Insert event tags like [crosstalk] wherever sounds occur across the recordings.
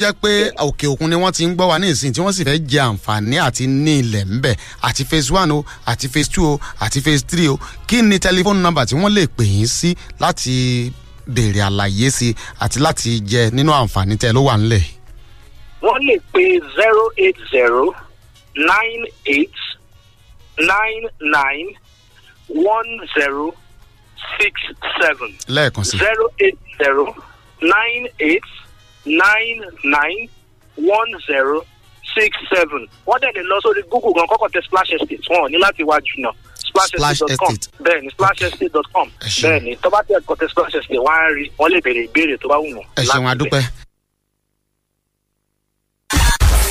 jẹ́ pé òkè òkun ni wọ́n ti ń gbọ́ wa ní ìsìn tí wọ́n sì fẹ́ jẹ àǹfààní àti ní ilẹ̀ ńbẹ̀ àti phase one o àti phase two o àti phase three o kí ni tẹlifóònù nọ́mbà tí wọ́n lè pè yín sí láti béèrè àlàyé sí àti láti jẹ nínú àǹfààní tẹ ló wà ńlẹ̀. wọ́n lè pe zero eight zero nine eight nine nine one zero six seven. lẹ́ẹ̀kan sí. zero eight zero nine eight nine nine one zero six seven wọ́n dẹ̀ lè lọ sórí google gan kọ́kọ́ tẹ splash estate wọn ò ní láti wá jù náà splashestate.com bẹ́ẹ̀ ni splashestate.com bẹ́ẹ̀ ni tọ́ba tẹ ẹ̀kọ́ tẹ splash estate wọ́n á rí wọ́n lè béèrè ìbéèrè tó bá wù wọ́n. ẹ ṣeun adúpẹ́.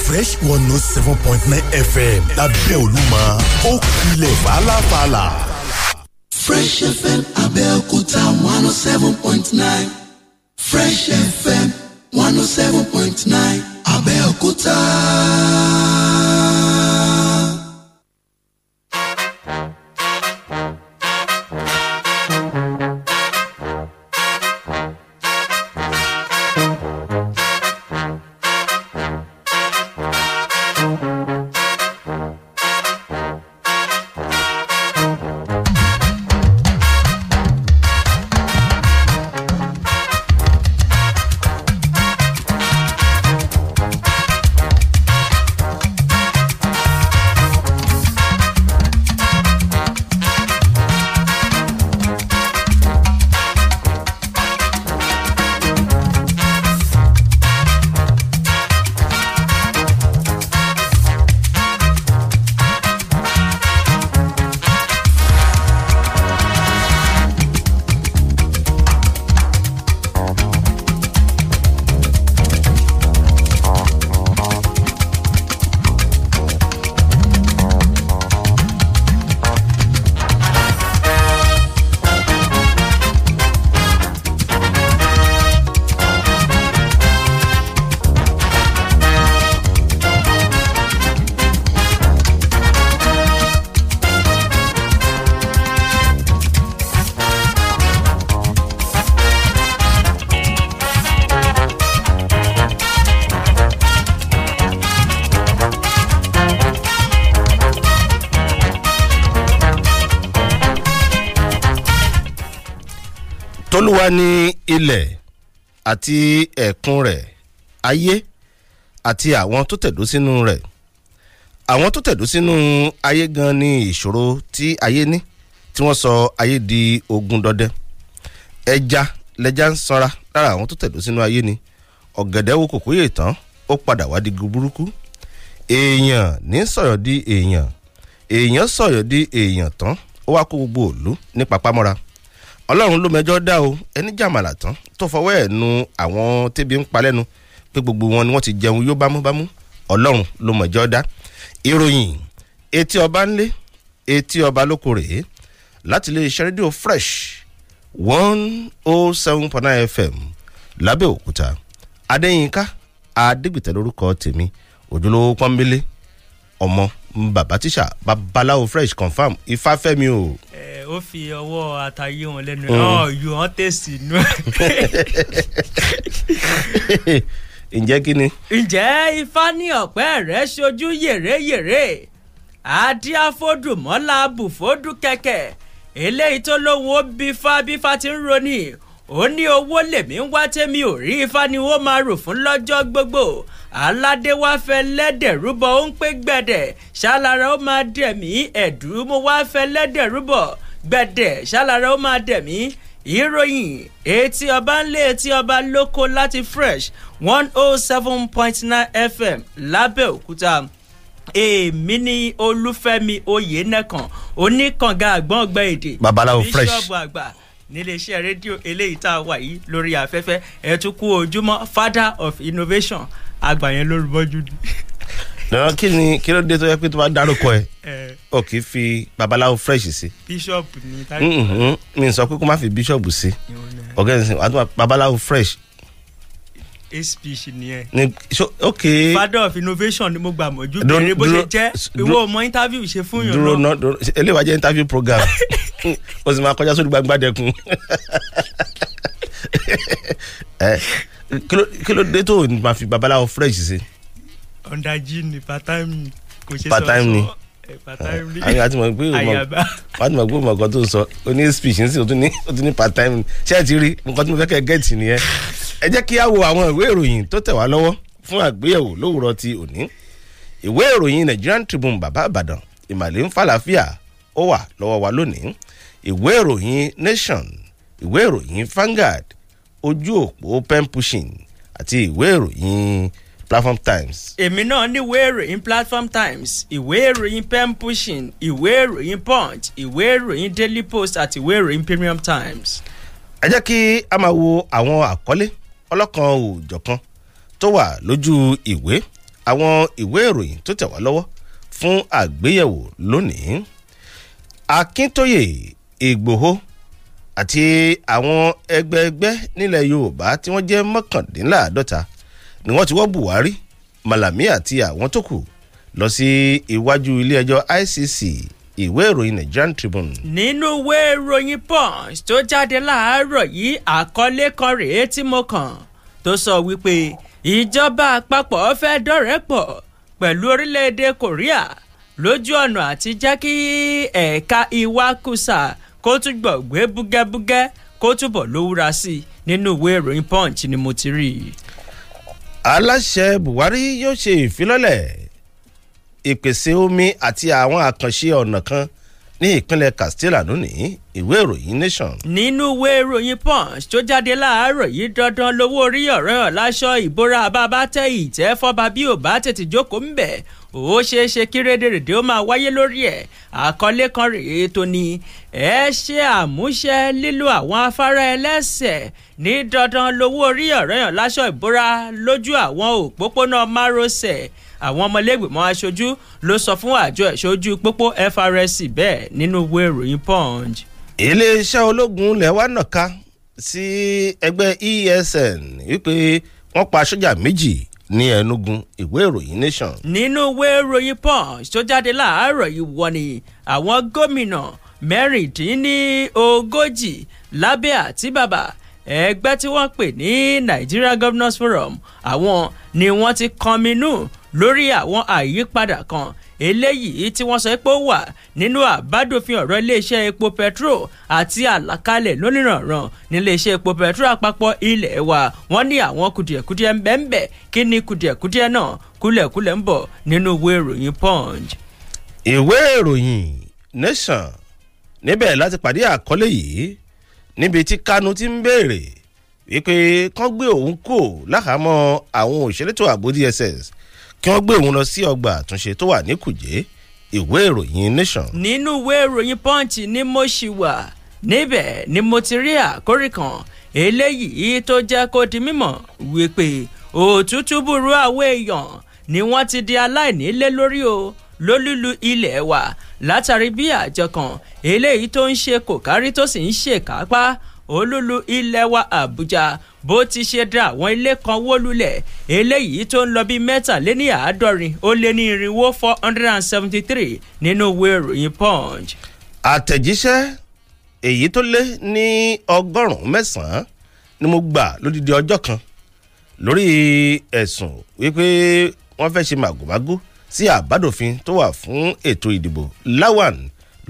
fresh one note oh seven point nine fm lábẹ́ olúmọ ó kulẹ̀ fàlàfàlà. fresh fm abẹ́òkúta one oh seven point nine fresh fm one oh seven point nine Abẹ́òkúta. olúwa ní ilẹ̀ àti ẹ̀kún rẹ̀ ayé àti àwọn tó tẹ̀dó sínú rẹ̀ àwọn tó tẹ̀dó sínú ayé gan ni ìṣòro tí ayé ní tí wọ́n sọ ayé di ogun dọdẹ ẹja lẹja ń sanra lára àwọn tó tẹ̀dó sínú ayé ni ọ̀gẹ̀dẹ̀ wo kòkó yè tán ó padà wá di burúkú èèyàn ní sọ̀rọ̀ di èèyàn èèyàn sọ̀rọ̀ di èèyàn tán ó wá kó gbogbo òlu ní papámọ́ra ọlọ́run ló mẹjọ́ dá o ẹni jàmàlà tán tó fọwọ́ ẹ̀ nu àwọn tẹ́bi ń pa lẹ́nu pé gbogbo wọn ni wọ́n ti jẹun yó bámúbámú ọlọ́run ló mẹjọ́ dá ìròyìn etí ọba ńlé etí ọba lóko rèé láti lè ṣe rédíò fresh one oh seven point nine fm lábẹ́òkúta adéyínká adégbìtẹ́ lórúkọ tèmi ojúlówó pọ́nbélé ọmọ bàbá tíṣà babaláwo fresh confam ifáfẹ́mi o. ẹ ó fi ọwọ́ àtàyè wọn lẹ́nu ẹ̀ mm. ọ́ yóò hàn tẹ̀sí inú ẹ̀. [laughs] ǹjẹ́ kí ni. ǹjẹ́ ifá ní ọ̀pẹ́ rẹ̀ ṣojú yèrèyèrè àdíáfódùmọ́lá bùfódù kẹ̀kẹ́ eléyìí tó lóun ó bífá bífá ti ń ronì ó ní owó lèmi ń wá tẹ́mi ò rí ifá ni ó máa rò fún lọ́jọ́ gbogbo aládé wá fẹ́ lẹ́dẹ̀ rúbọ ó ń pé gbẹ̀dẹ̀ ṣálára ó máa dẹ̀mí ẹ̀dùn mo wá fẹ́ lẹ́dẹ̀ rúbọ gbẹ̀dẹ̀ ṣálára ó máa dẹ̀mí ìròyìn etí ọba ń lé etí ọba lóko láti fresh one oh seven point nine fm lábẹ́òkúta èmi ni olúfẹ́mi oyènẹ́kan oníkànga àgbọ̀ngbẹ̀ èdè babaláwo fresh bíṣọ̀bù àgbà níléeṣẹ́ rédíò eléyìí tá a wà yìí lórí afẹ́fẹ́ ẹ̀ tún kú ojúmọ́ father of innovation àgbà yẹn ló rúbọ́jú ni. náà kí ni kí ló dé tó yẹ pé tó bá dárúkọ ẹ o kì í fi babaláwo fresh sí. bíṣọ̀bù ni táyà. Mm-hmm. mi sọ pé kó má fi bíṣọ̀bù sí ọ̀gá ìsìn babaláwo fresh ASP nìyẹn. so ok. father of innovation ni mo gbà mọ̀jú bèrè bó ṣe jẹ́ ìwọ mọ interview ṣe fún yàn náà. dúró náà dúró eléyìí wá interview program o sì máa kọjá sórí gbangba dẹkun kí ló dé tó máa fi babaláwo fresh sí. ọ̀ndàjì ni part time ni kò ṣe sọ sọ. part time ni. Part-time. àwọn ah, àti mọ̀ pé wọ́n ti mọ̀ pé mọ̀kọ́ tó ń sọ ó ní speech ní sí ó tún ní part time ṣé ẹ ti rí nǹkan tí mo fẹ́ kẹ́ gẹ̀ẹ́tì nìyẹn ẹ jẹ́ kí á wo àwọn ìwé ìròyìn tó tẹ̀ wá lọ́wọ́ fún àgbéyẹ̀wò lówùrọ̀ ti òní ìwé ìròyìn Nigerian Tribune bàbá Ìbàdàn ìmàlẹ́ ń fàlàfíà ó wà lọ́wọ́ wa lónìí ìwé ìròyìn Nation ìwé ìròyìn Vanguard ojú òpó pen pushing àti ìwé ìròyìn platform times. èmi náà níwèé ìròyìn platform times ìwé ìròyìn pen pushing ìwé ìròyìn punch ìwé ìròyìn daily post àti ìwé ìròyìn premium times. ẹ jẹ́ kí a máa wo àwọn àkọlé ọlọ́kan òòjọ̀kan tó wà lójú ìwé àwọn ìwé ìròyìn tó tẹ̀ wá lọ́wọ́ fún àgbéyẹ̀wò lónìí akíntóyè ìgbòho àti àwọn ẹgbẹ́ẹgbẹ́ nílẹ̀ yorùbá tí wọ́n jẹ́ mọ́kàndínláàádọ́ta ni wọ́n ti wọ́ Buhari Malami àti àwọn tó kù lọ sí iwájú ilé ICC ìwé ìròyìn Nigerian Tribune. nínú ìwé ìròyìn Punch tó jáde láàárọ̀ yìí àkọlé kan rèé tí mo kàn tó sọ wípé ìjọba àpapọ̀ fẹ́ dọ̀rẹ́ pọ̀ pẹ̀lú orílẹ̀-èdè Korea lójú ọ̀nà àti jẹ́ kí ẹ̀ka ìwakùsà kó túbọ̀ gbé búgẹ́búgẹ́ kó túbọ̀ lówúra sí i nínú ìwé ìròyìn Punch ni mo ti rí i aláṣẹ Buhari yóò ṣe ìfilọ́lẹ̀ ìpèsè omi àti àwọn àkànṣe ọ̀nà kan ní ìpínlẹ̀ Castilla lónìí ìwé ìròyìn Nation. nínú ìwé ìròyìn Punch tó jáde láàárọ̀ yìí dandan lówó orí ọ̀ràn láṣọ ìbora bàbá tẹ ìtẹ́ fọba bí ò bá tètè jókòó ń bẹ̀ ó ṣeé ṣe kí rédèrèdè ó máa wáyé lórí ẹ̀ àkọlé kan rèé tó ní ẹ ṣe àmúṣẹ lílo àwọn afárá ẹlẹ́sẹ̀ ní dandan lówó orí ọ̀ràn láṣọ ìbora lójú àwọn òpópónà márosẹ̀ àwọn ọmọlẹ́gbẹ̀mọ aṣojú ló sọ fún àjọ ìṣojú pópó FRSC bẹ́ẹ̀ nínú ìwé ìròyìn Punch. iléeṣẹ́ ológun ilẹ̀ wa nàka sí ẹgbẹ́ ESN wípé wọ́n pa sójà méjì ní ẹnugun ìwé ìròyìn nation. nínú ìwé ìròyìn punch tó jáde láàárọ̀ yìí wọ ni àwọn gómìnà mẹ́rìndínlógójì lábẹ́ àtíbàbà ẹgbẹ́ tí wọ́n pè ní Nigeria Governors Forum àwọn ni wọ́n ti kọminú lórí àwọn àyípadà kan eléyìí tí wọ́n sọ pé ó wà nínú àbádòfin ọ̀rọ̀ iléeṣẹ́ epo petro àti àlàkalẹ̀ lónìrànràn níléeṣẹ́ epo petro àpapọ̀ ilé wa wọ́n ní àwọn kùdìẹ̀kùdìẹ̀ ń bẹ ń bẹ kí ni kùdìẹ̀kùdìẹ̀ náà kúlẹ̀kúlẹ̀ ń bọ̀ nínú ìwé ìròyìn punch. ìwé ìròyìn nation níbẹ̀ láti pàdé àkọlé yìí níbi tí kanu ti ń béèrè wípé kán gbé òun kò láhàámọ́ àwọn òṣèlétò àbò dss kí wọ́n gbé òun lọ sí ọgbà àtúnṣe tó wà ní kùjé ìwé ìròyìn nation. nínú ìwé ìròyìn punch ni mo ṣì wà níbẹ̀ ni mo ti rí àkórí kan eléyìí tó jẹ́ kó di mímọ̀ wípé òtútù burú àwọn èèyàn ni wọ́n ti di aláìní lé lórí o lólúlu ilẹ̀ wa látàrí bí àjọ kan eléyìí tó ń ṣe kò kárí tó sì ń ṣèkápá olúlu ilẹ̀ wa àbújá bó ti ṣe dá àwọn ilé kan wó lulẹ̀ eléyìí tó ń lọ bíi mẹ́tàléníàádọ́rin ó lé ní irinwó four hundred and seventy three nínú ìwé ìròyìn punch. àtẹ̀jíṣẹ́ èyí tó lé ní ọgọ́rùn-ún mẹ́sàn-án ni mo gbà lódìdí ọjọ́ kan lórí ẹ̀sùn wípé wọ́n fẹ́ ṣe màgòmágó sí àbádòfin tó wà fún ètò ìdìbò lawan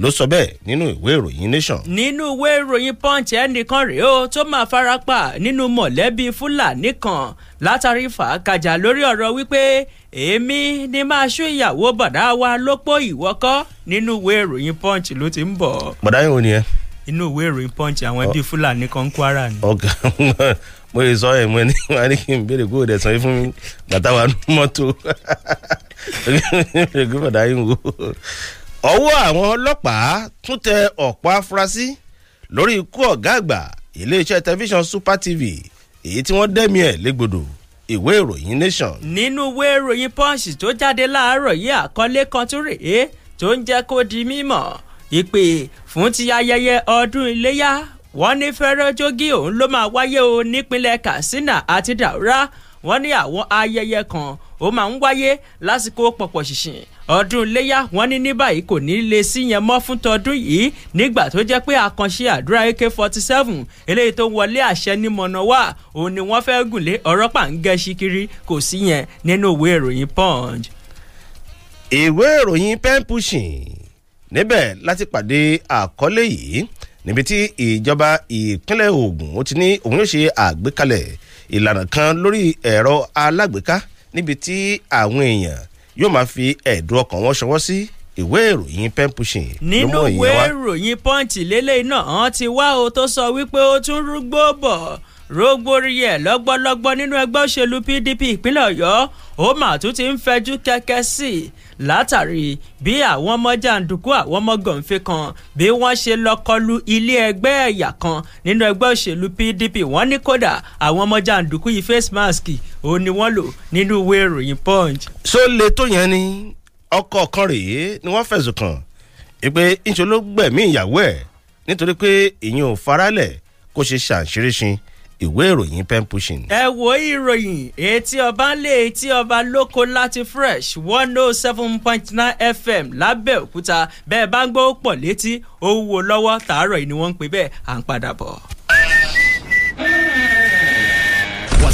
ló sọ bẹ́ẹ̀ nínú ìwé ìròyìn nation. nínú ìwé ìròyìn punch ẹnìkan rèé o tó máa farapa nínú mọ̀lẹ́bí fúlàní kan látàrí fàákàjà lórí ọ̀rọ̀ wípé èmi ni máa ṣú ìyàwó bọ̀dá wa lópò ìwọ́kọ́ nínú ìwé ìròyìn punch ló ti ń bọ̀. bọ̀dá yóò ní ẹ inú ìwé ìròyìn punch àwọn ẹbí fúlàní kan kwara ni. ọgá [laughs] mo lè sọ ẹ mo ní wàá ní kí n béèrè kó o dẹ sàn fún mi bàtà wà nù mọ́tò ẹgbẹ́ [laughs] mi lè gbé bàtà ọwọ́ àwọn ọlọ́pàá tún tẹ ọ̀pọ̀ afurasí lórí ikú ọ̀gá àgbà iléeṣẹ́ tẹlifíṣàn Super TV èyí tí wọ́n dẹ́mi ẹ̀ légbodò ìwé ìròyìn Nation. nínú ìwé ìròyìn Punch tó jáde láàárọ̀ yìí àkọlé kan tó rèé tó ń jẹ́ kó di mímọ̀ ìpè fún ti ayẹyẹ ọdún iléyà wọ́n ní fẹ́rẹ́ jogi òun ló máa wáyé o nípínlẹ̀ Katsina àti Daura wọ́n ní àwọn ayẹyẹ kan ó máa ń wáyé lásìkò pọ̀pọ̀ ṣìnṣìn ọdún iléyà wọn ní ní báyìí kò ní lè sí yẹn mọ́ fún tọdún yìí nígbà tó jẹ́ pé àkànṣe àdúrà ak forty seven eléyìí tó wọlé àṣẹ ní mọ̀nàwá òun ni wọ́n fẹ́ gùn lé ọ̀rọ̀ pàǹgẹ́ ṣíkiri kò sí yẹn nínú ìwé ìròyìn punch. ìwé ìròyìn pen pushing níbẹ̀ láti pàdé àkọlé yìí níbi tí ìjọba ìpínlẹ̀ Ògùn ó ti ní òun yóò ṣe àgbékalẹ̀ ìlànà kan lórí ẹ̀rọ alágbèéká níbi tí àwọn èèyàn yóò máa fi ẹ̀dùn ọkàn wọn ṣọwọ́ sí ìwé ìròyìn pen pushing ló mú ìyẹn wá. nínú ìwé ìròyìn punch lélẹ́yìn náà ti wá o tó sọ wípé ó tún rúgbó bọ̀ rògbòrí ẹ̀ lọ́gbọ́lọ́gbọ́ nínú ẹgbẹ́ òṣèlú PDP ìpínlẹ̀ Ọ̀yọ́ ó mà tún ti ń fẹjú kẹ́kẹ́ sí i látàrí bí àwọn ọmọ jàǹdùkú àwọn ọmọ gànfẹ kan bí wọ́n ṣe lọ ilé ẹgbẹ́ ẹ̀yà kan nínú ẹgbẹ́ òṣèlú PDP wọ́n ní kódà àwọn ọmọ jàǹdùkú yìí face mask ò ní wọ́n lò nínú ìwé ìròyìn Punch. ṣó le tó yẹn ni ọkọ kan rèé ni wọ́n fẹ̀sùn kàn pé ńṣe ló gbẹ̀mí ìyàwó ẹ̀ nítorí pé ìyẹn ò faralẹ̀ kó ṣe ṣàǹṣeréṣin ìwé ìròyìn pen pushing. ẹ wo ìròyìn etí ọba lé etí ọba lóko láti fresh one oh seven point nine fm lábẹ́òkúta bẹ́ẹ̀ bá ń gbọ́ pọ̀ létí ó wúwo lọ́wọ́ tààrọ̀ yìí ni wọ́n ń pè bẹ́ẹ̀ à ń padà bọ̀.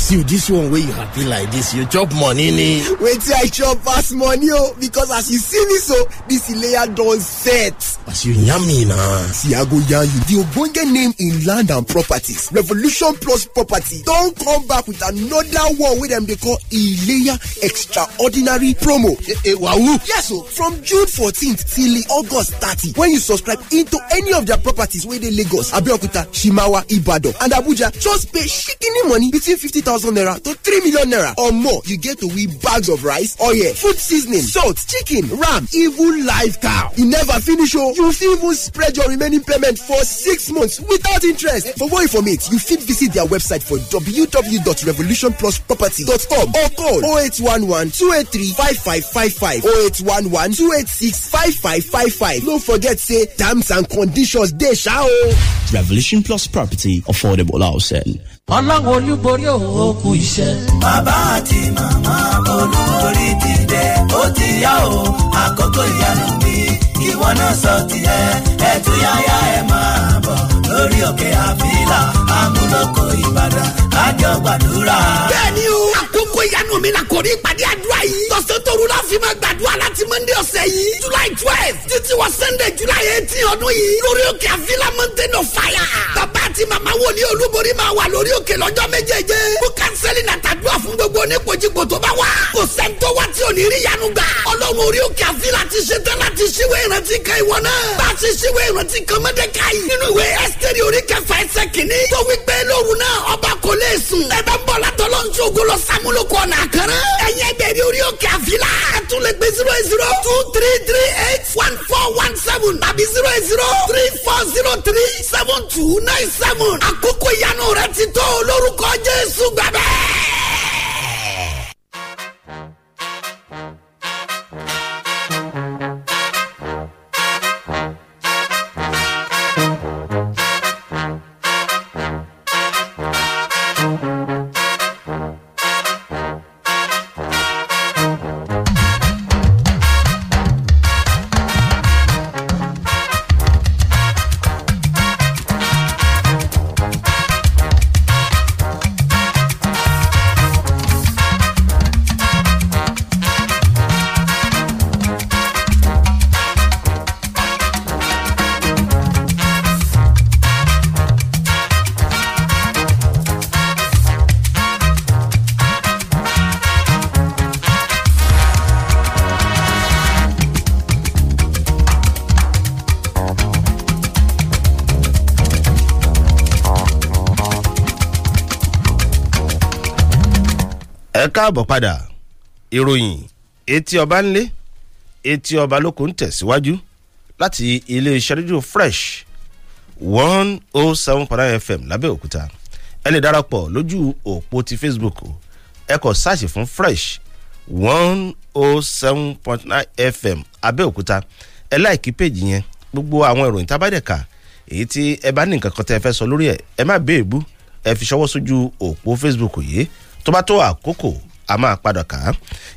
See you this one wey you happy like this you chop money ni. wetin i chop pass money o oh, because as you see me so this layer don set. as you yarn me na. see i go yarn you the ogbonge name in land and properties revolution plus property don come back with another one wey dem dey call ileya extraordinary promo. ewawu. Eh, eh, yes so oh, from june fourteenth till august thirty when you subscribe into any of their properties wey dey lagos abeokuta shimawa ibadan and abuja just pay shikini money between fifty thousand. thousand naira to three million naira or more. You get to win bags of rice, oil, food seasoning, salt, chicken, ram, even live cow. You never finish, oh! You fit even spread your remaining payment for six months without interest. For more information, you fit visit their website for www.revolutionplusproperty.com or call 0811 283 5555 0811 286 5555. No forget say terms and conditions They sha oh. Revolution Plus Property affordable housing. ọlọ́run olúborí òun ó kú iṣẹ́. bàbá àti màmá olúborí ti dé ó ti yá o àkókò ìyanu mi ìwọ náà sọ tiẹ̀ ẹ tún yáyá ẹ máa bọ̀ lórí òkè àfílà amúlòkọ ìbàdàn kájọ gbàdúrà. bẹ́ẹ̀ni o àkókò ìyanu mi la kò ní ìpàdé àdúrà yìí. tọ̀sán tóru la fi máa gbàdúrà láti mọ́ndé ọ̀sẹ̀ yìí. july twelve títí wọ sunday july eighteen ọdún yìí. lórí òkè àfilà mountain of fire. bàbá àti màmá wòlíì olúborí máa wà lórí òkè lọ́jọ́ méjèèje. kó kánsẹ́lì nàtàdúrà fún gbogbo oníkojúkò tó bá wà. kò sẹ́ńtọ́ wá tí ò ní rí yanu gbà. ọlọ́run orí òkè àfilà kàkàrà. ẹ̀yẹ́ bẹ̀rẹ̀ orí òkè àfilà. ẹ tún zero zero two three three eight one four one seven tàbí zero zero three four zero three seven two nine seven. àkókò ìyanu rẹ ti tó lórúkọ Jésù gbàgbẹ́. káàbọ̀ padà ìròyìn etí ọba ńlé etí ọba lóko ń tẹ̀síwájú láti iléeṣẹ́ rédíò fresh one oh seven point nine fm lábẹ́òkúta ẹ lè darapọ̀ lójú òpó ti facebook ẹ kọ sáàsì fún fresh one oh seven point nine fm abẹ́òkúta ẹ láìkí péjì yẹn gbogbo àwọn ìròyìn tábàdẹ̀ka èyí tí ẹ bá ní nǹkan kan tẹ́ ẹ fẹ́ sọ lórí ẹ̀ ẹ má bẹ́ẹ̀ bú ẹ fi ṣọwọ́ sójú òpó facebook yìí tó bá tó àkókò a máa padà kà á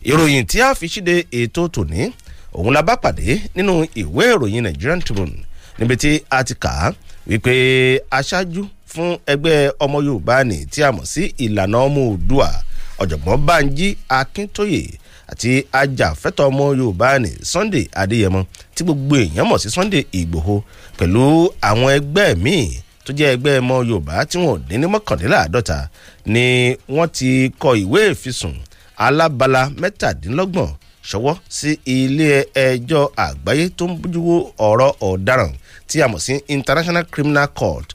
ìròyìn tí a fi ṣíde ètò tòní òun la bá pàdé nínú ìwé ìròyìn Nigerian Tribune níbi tí a ti kà á wípé aṣáájú fún ẹgbẹ́ ọmọ Yorùbá ni tí a mọ̀ sí ìlànà ọmọ Oòduà ọ̀jọ̀gbọ́n Bánjí Akíntóyè àti ajàfẹ́tọ̀ ọmọ Yorùbá ni Sunday Adéyẹmọ tí gbogbo èèyàn mọ̀ sí Sunday Ìgbòho pẹ̀lú àwọn ẹgbẹ́ míì tó jẹ́ ẹgbẹ́ ọmọ Yorùbá tí wọn ò dín ní mọ́kànléláàádọ́ta ni wọ́n ti kọ ìwé ìfisùn alábala mẹ́tàdínlọ́gbọ̀n ṣọwọ́ sí ilé ẹjọ́ àgbáyé tó ń bójú wo ọ̀rọ̀ ọ̀daràn tí a mọ̀ sí International Criminal Court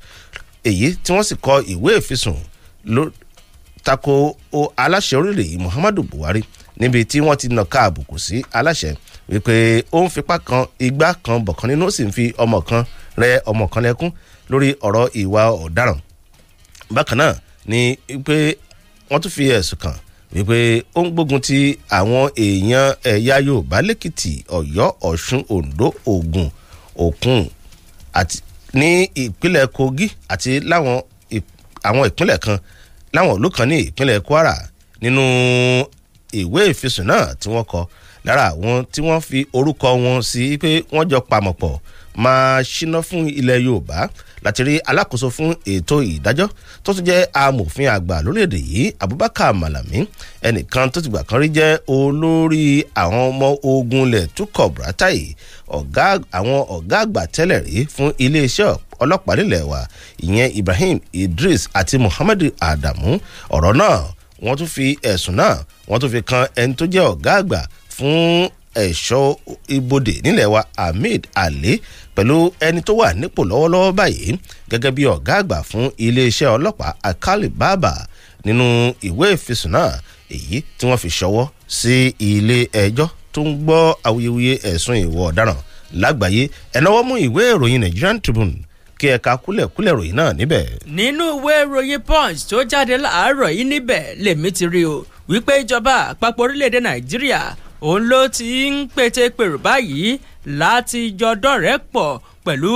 èyí tí wọ́n sì kọ ìwé ìfisùn ló tako aláṣẹ orílẹ̀ yìí Muhammadu Buhari níbi tí wọ́n ti nàka àbùkù sí aláṣẹ wípé ó ń fipá kan igbá kan bọ̀kan nínú ó sì ń fi ọmọ kan rẹ ọmọ kan lẹ́kún lórí ọ̀rọ̀ ìwà ọ̀daràn bákan náà ni pé wọ́n tún fi ẹ̀sùn kàn wípé ó ń gbógun ti àwọn èèyàn ẹ̀yà yorùbá lẹ́kìtì ọ̀yọ́ ọ̀ṣun oǹdó ògùn òkun ní ìpínlẹ̀ kogi àti láwọn àwọn ìpínlẹ̀ kan láwọn ìlú kan ní ìpínlẹ̀ kwara nínú ìwé ìfisùn náà tí wọ́n kọ lára àwọn tí wọ́n fi orúkọ wọn sí pé wọ́n jọ pamọ́ pọ̀ máa ṣíná fún ilẹ̀ yorùbá láti rí alákòóso fún ètò ìdájọ́ tó tún jẹ́ amòfin àgbà lórílẹ̀‐èdè yìí abubakar malami ẹnìkan tó ti gbà kan rí jẹ́ olórí àwọn ọmọ ogun ilẹ̀ tukọ̀ buratai ọ̀gá àwọn ọ̀gá àgbà tẹ́lẹ̀ rí fún iléeṣẹ́ ọlọ́pàá nílẹ̀ wa ìyẹn ibrahim idris àti muhammed adamu ọ̀rọ̀ náà wọ́n tún fi ẹ̀sùn náà wọ́n tún fi kan ẹni tó jẹ́ ọ̀gá àgbà fún ẹ̀ṣọ́ ibodè nílẹ̀ wa Ahmed Ali pẹ̀lú ẹni tó wà nípò lọ́wọ́lọ́wọ́ báyìí gẹ́gẹ́ bí ọ̀gá àgbà fún iléeṣẹ́ ọlọ́pàá Akali Baba nínú ìwé ìfisùn náà èyí tí wọ́n fi ṣọwọ́ sí ilé ẹjọ́ tó ń gbọ́ awuyewuye ẹ̀sùn ìwọ ọ̀daràn lágbàáyé ẹ̀náwó mú ìwé ìròyìn Nigerian Tribune kí ẹ̀ka kúlẹ̀kúlẹ̀ ròyìn náà níbẹ̀. nínú ìwé ìròyìn punch tó jáde láàárọ̀ yìí níbẹ̀ lèmi ti rí o wípé ìjọba àpapọ̀ orílẹ̀-èdè Nàìjíríà òun ló ti ń pété pèrò báyìí láti jọ dọ̀rẹ́ pọ̀ pẹ̀lú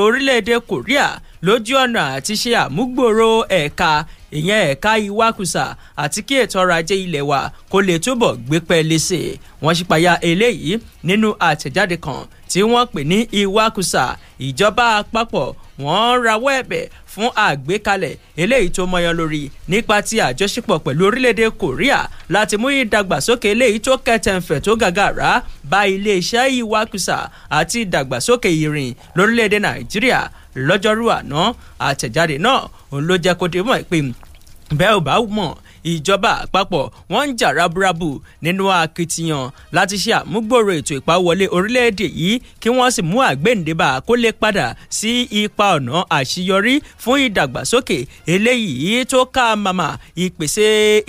orílẹ̀-èdè Korea lójú ọ̀nà àti ṣe àmúgbòòrò ẹ̀ka ìyẹn ẹ̀ka ìwakùsà àti kí ètò ọrọ̀ ajé ilẹ̀ wa kó lè túbọ̀ gbé pẹ́ẹ́lí sí i wọ́n ṣípayá eléyìí nínú àtẹ̀jáde kan tí wọ́n pè ní ìwakùsà ìjọba àpapọ̀ wọ́n rawọ́ ẹ̀bẹ̀ fún àgbékalẹ̀ eléyìí tó mọyán lórí nípa ti àjọṣepọ̀ pẹ̀lú orílẹ̀-èdè Korea láti mú ìdàgbàsókè eléyìí tó kẹtẹ̀ǹfẹ̀ tó gàgàrà bá iléeṣẹ́ ìwakùsà àti ìdàgbàsókè irin lórílẹ̀-èdè Nàìjíríà lọ́jọ́rú àná àtẹ̀jáde náà òun ló jẹ́ kó dé mọ̀ pé bẹ́ẹ̀ ò bá mọ̀ ìjọba àpapọ̀ wọ́n ń jà raburabu nínú akitiyan láti ṣe àmúgbòrò ètò ìpawọlé orílẹ̀-èdè yìí kí wọ́n sì mú àgbéǹdébà kó lè padà sí ipa ọ̀nà àṣeyọrí fún ìdàgbàsókè eléyìí tó ká màmá ìpèsè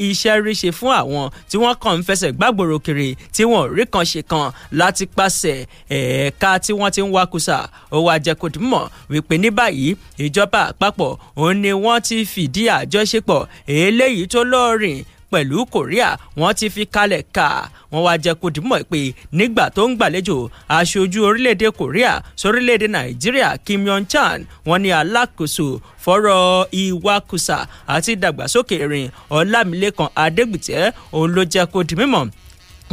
iṣẹ́ ríṣe fún àwọn tí wọ́n kàn ń fẹsẹ̀ gbàgbòrò kiri tí wọ́n rí kan ṣe kan láti pàṣẹ ẹ̀ẹ̀ka tí wọ́n ti ń wakùsà ó wàá jẹ́ kó dì mọ̀ wípé ní báyìí ìjọba àpapọ̀ òun ni wọ́n ti fìdí àjọṣepọ̀ eléyìí tó lọ rìn pẹ̀lú Korea wọ́n ti fi kalẹ̀ kà wọ́n wá jẹ́ kó dìmọ̀ pé nígbà tó ń gbàlejò aṣojú orílẹ̀-èdè Korea sórílẹ̀-èdè Nàìjíríà Kim Yong Chan wọ́n ní alákòóso fọ́rọ̀ ìwakùsà àti ìdàgbàsókè ìrìn Ọlámilékan Adégbìtẹ́ òun ló jẹ́ kó di mímọ̀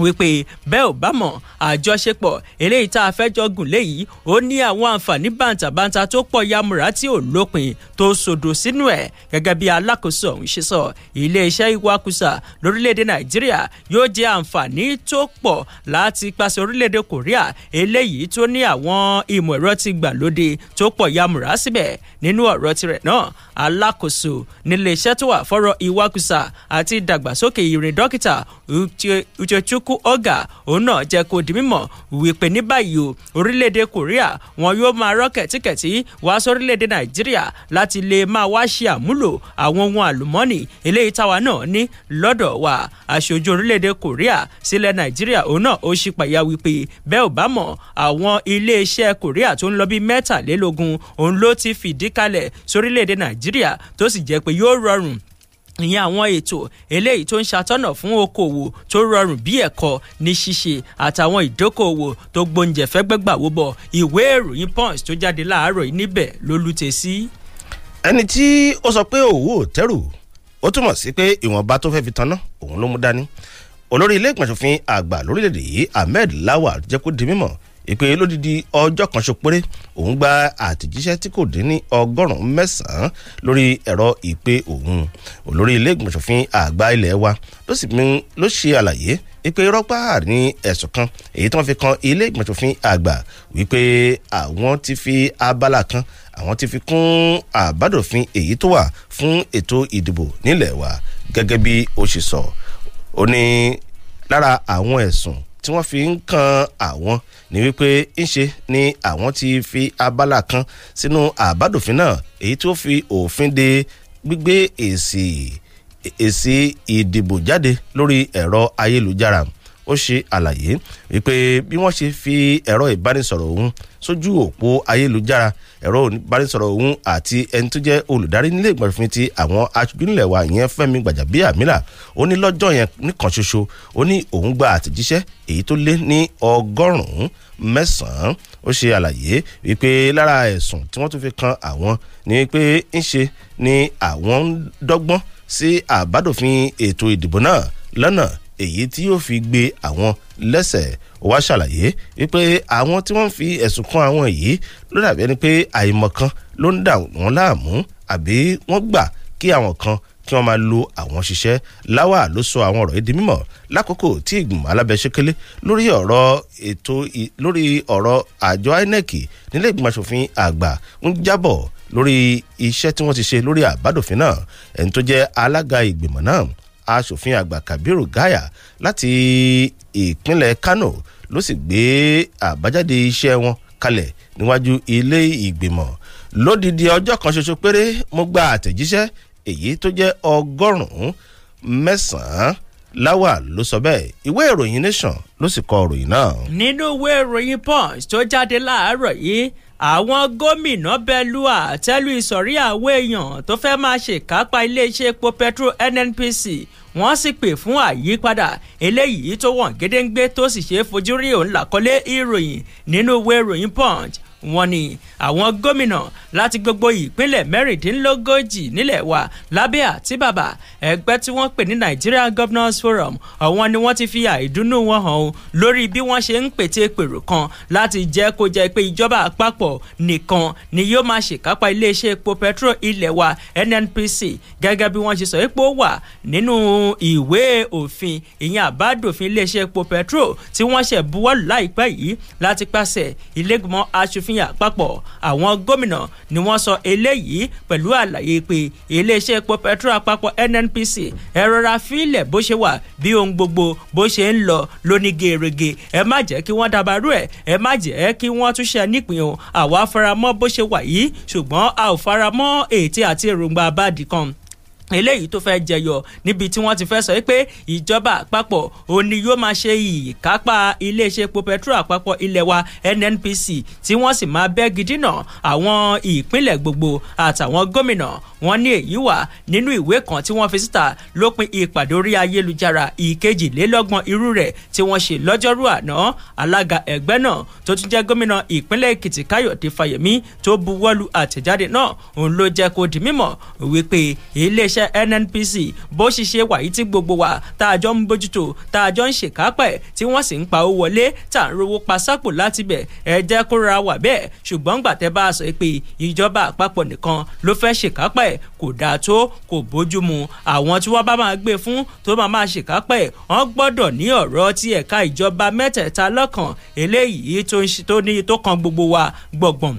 wípé bẹ́ẹ̀ ò bá mọ̀ àjọṣepọ̀ eléyìí tá a fẹ́ jọ gùn léyìí ó ní àwọn àǹfààní bàǹtàbàǹtà tó pọ̀ yamura tí ò lópin tó sòdò sínú ẹ̀ gẹ́gẹ́ bí alákòóso ọ̀hún ṣe sọ iléeṣẹ́ ìwakùsà lórílẹ̀‐èdè nàìjíríà yóò jẹ́ àǹfààní tó pọ̀ láti pàṣẹ orílẹ̀‐èdè korea eléyìí tó ní àwọn ìmọ̀ ẹ̀rọ ti gbàlódé tó pọ̀ yamura síbẹ̀ nínú ọ̀rọ̀ tirẹ̀ náà alákòóso níléeṣẹ́ tó wà fọ́rọ̀ ìwakùsà àti ìdàgbàsókè ìrìn dókítà uchechu Ku Oga òun náà jẹ́ kó di mímọ̀ wípé ní báyìí o orílẹ̀-èdè Korea wọn yóò máa rọ́ kẹ̀tíkẹ̀tí wá sórílẹ̀-èdè Nàìjíríà láti lè máa wá ṣe àmúlò àwọn ohun àlùmọ́ọ́nì eléyìí táwa náà ní lọ́dọ̀ wa aṣojú orílẹ̀-èdè Korea sílẹ̀ Nàìjíríà òun náà ó ṣì pàyà wípé bẹ́ẹ̀ ò bá mọ̀ àwọn iléeṣẹ́ Korea tó ń lọ bíi mẹ́tàlélógún òun ló ti fìdí kalẹ̀ sórílẹ̀-èdè Nàìjíríà tó sì jẹ́ pé yóò rọrùn ìyẹn àwọn ètò eléyìí tó ń ṣàtọ́nà fún okòwò tó rọrùn bí ẹ̀kọ́ ní ṣíṣe àtàwọn ìdókòwò tó gbóúnjẹ fẹ́gbẹ́gbàwó bọ̀ ìwé ìròyìn punch tó jáde láàárọ̀ níbẹ̀ ló lùtẹ̀ sí. ẹni tí ó sọ pé òwò tẹ́rù ó túmọ̀ sí pé ìwọ̀nba tó fẹ́ fi tanná òun ló mú dání olórí ilé ìgbọ̀nsọ̀fin àgbà lórílẹ̀‐èdè yìí ahmed lawal jẹ́ kó di mímọ̀ ìpè lódìdí ọjọ́ kan ṣo péré òun gba àtẹ̀jíṣẹ́ tí kò dín ní ọgọ́rùn-ún mẹ́sàn-án lórí ẹ̀rọ ìpè òun olórí ilé ìgbìmọ̀ ṣòfin àgbà ilé wa ló ṣe àlàyé ìpè rọ́pá ní ẹ̀sùn kan èyí tí wọ́n fi kan ilé ìgbìmọ̀ ṣòfin àgbà wípé àwọn ti fi abala kan àwọn ti fi kún àbádòfin èyí tó wà fún ètò ìdìbò nílẹ̀ wa gẹ́gẹ́ bí ó ṣe sọ ó ní lára àwọn ẹ̀sùn tí wọ́n fi ń kan àwọn ní wípé ńṣe ni àwọn ti fi abala kan sínú àbádòfin náà èyí tó fi òfin de gbígbé èsì èsì ìdìbò jáde lórí ẹ̀rọ ayélujára ó ṣe àlàyé wípé bí wọ́n ṣe fi ẹ̀rọ ìbánisọ̀rọ̀ ọ̀hún sójú òpó ayélujára ẹ̀rọ oníbánisọ̀rọ̀ òun àti ẹni tó jẹ́ olùdarí nílé ìgbàfin ti àwọn aṣojú nílẹ̀ wa ìyẹn Fẹ́mi Gbàjàbíàmílà ó ní lọ́jọ́ yẹn nìkan ṣoṣo ó ní òun gba àtẹ̀jíṣẹ́ èyí tó lé ní ọgọ́rùn-ún mẹ́sàn-án ó ṣe àlàyé wípé lára ẹ̀sùn tí wọ́n tún fi kan àwọn ni pé ń ṣe ni àwọn ń dọ́gbọ́n sí àbádòfin ètò ìdìbò náà lọ́nà èyí tí yóò fi gbé àwọn lẹ́sẹ̀ ó wá ṣàlàyé wípé àwọn tí wọ́n fi ẹ̀sùn kan àwọn yìí ló dàbí ẹni pé àìmọ̀kan ló ń dà wọ́n láàmú àbí wọ́n gbà kí àwọn kan kí wọ́n máa lo àwọn ṣiṣẹ́ láwà ló sọ àwọn ọ̀rọ̀ yìí di mímọ̀ lákòókò tí ìgbìmọ̀ alábẹ́sẹ́kẹ́lé lórí ọ̀rọ̀ ètò lórí ọ̀rọ̀ àjọ INEC nílé ìgbìmọ̀ asòfin àgbà ń jábọ̀ lórí iṣẹ́ tí wọ́n ti ṣe lórí àbádòfin náà ẹni tó jẹ́ alága ìgbìmọ̀ náà aṣòfin àgbà Kabiru Gaya láti ìpínlẹ̀ Kano ló sì gbé àbájáde iṣẹ́ wọn kalẹ̀ níwájú ilé ìgbìmọ̀ lódìdí ọjọ́ kan ṣoṣo péré mo gba àtẹ̀jíṣẹ́ èyí tó jẹ́ ọgọ́rùn-ún mẹ́sàn-án láwà ló sọ bẹ́ẹ̀ ìwé ìròyìn nation ló sì kọ ìròyìn náà. nínú ìwé ìròyìn punch tó jáde láàárọ̀ yìí àwọn gómìnà bẹ̀lú àtẹ́lù ìsọ̀rí àwọn èèyàn tó fẹ́ máa ṣèkápá iléeṣẹ́ epo petro nnpc wọ́n sì pè fún àyípadà eléyìí tó wọ̀n gédéǹgbé tó sì ṣe é fojú rí òun làkọlé ìròyìn nínú ìwé ìròyìn punch wọ́n ní àwọn gómìnà láti gbogbo ìpínlẹ̀ mẹ́rìndínlógójì nílẹ̀ wa lábẹ́ àtíbàbà ẹgbẹ́ tí wọ́n pè ní Nigeria Governors Forum àwọn ni wọ́n ti fi àìdùnnú wọn hàn o lórí bí wọ́n ṣe ń pète pèrò kan láti jẹ́ kó jẹ́ pé ìjọba àpapọ̀ nìkan ni yóò máa ṣèkápá iléeṣẹ́ epo petro ilẹ̀ wa NNPC gẹ́gẹ́ bí wọ́n ṣe sọ pé ó wà nínú ìwé òfin ìyẹn àbádòfin iléeṣẹ́ epo petro tí wọ́n ṣe buwọ́lù láìpẹ́ yìí láti pàṣẹ ilégbèmọ̀ àwọn gómìnà ni wọ́n sọ eléyìí pẹ̀lú àlàyé pé iléeṣẹ́ epo petro àpapọ̀ nnpc ẹ rọra fílẹ̀ bó ṣe wà bí ohun gbogbo bó ṣe ń lọ lóní gerege ẹ má jẹ́ kí wọ́n dabarú ẹ̀ ẹ má jẹ́ kí wọ́n tún ṣe nípìn o àwa faramọ́ bó ṣe wà yìí ṣùgbọ́n a ò faramọ́ ète àti èròǹgbà abáàdì kan eléyìí tó fẹ́ẹ́ jẹyọ níbi tí wọ́n ti fẹ́ sọ pé ìjọba àpapọ̀ òun ni yóò máa ṣe ìkápá iléeṣẹ́ epo petro àpapọ̀ ilé wa NNPC tí wọ́n sì máa bẹ́ gidina àwọn ìpínlẹ̀ gbogbo àtàwọn gómìnà wọn ní èyí wà nínú ìwé kan tí wọ́n fi síta lópin ìpàdé orí ayélujára ìkejìlélọ́gbọ̀n irú rẹ̀ tí wọ́n ṣe lọ́jọ́rú àná alága ẹgbẹ́ náà tó tún jẹ́ gómìnà ìpínlẹ̀ Èkìtì Káyọ̀dé Fáyẹ̀mí tó buwọ́lu àtẹ̀jáde náà òun ló jẹ́ kó di mímọ̀ wípé iléeṣ iléeṣẹ́ nnpc bó ṣiṣẹ́ wàyí tí gbogbo wa tá a jọ ń bójútó tá a jọ ń ṣèkápẹ̀ tí wọ́n sì ń pa owó wọlé tá à ń rówó pa sápò láti bẹ̀ ẹ jẹ́ kó ra wà bẹ́ẹ̀ ṣùgbọ́n gbà tẹ́ bá a sọ pé ìjọba àpapọ̀ nìkan ló fẹ́ ṣèkápẹ̀ kò dáa tó kò bójú mu àwọn tí wọ́n bá máa gbé fún tó máa máa ṣèkápẹ̀ wọ́n gbọ́dọ̀ ní ọ̀rọ̀ ti ẹ̀ka ìjọba mẹ́tẹ̀ẹ̀ta lọ́kàn eléyìí tó ní tó kan gbogbo wa gbọ̀ngbọ̀n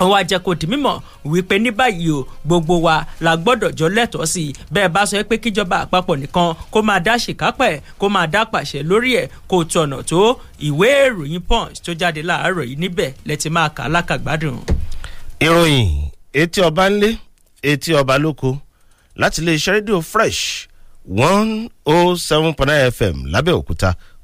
wọ́n wá jẹ́ kó di mímọ̀ wípé ní báyìí o gbogbo wa la gbọ́dọ̀ jọ lẹ́tọ̀ọ́ sí i bẹ́ẹ̀ bá sọ pé kíjọba àpapọ̀ nìkan kó máa dá ṣìkápẹ̀ kó máa dá pàṣẹ lórí ẹ̀ kó tọ̀nà tó ìwé ìròyìn punch tó jáde láàárọ̀ yìí níbẹ̀ lẹ ti máa kà á lákàgbádùn. ìròyìn etí ọba ńlé etí ọba lóko láti iléeṣẹ́ rédíò fresh one oh seven point nine fm lábẹ́òkúta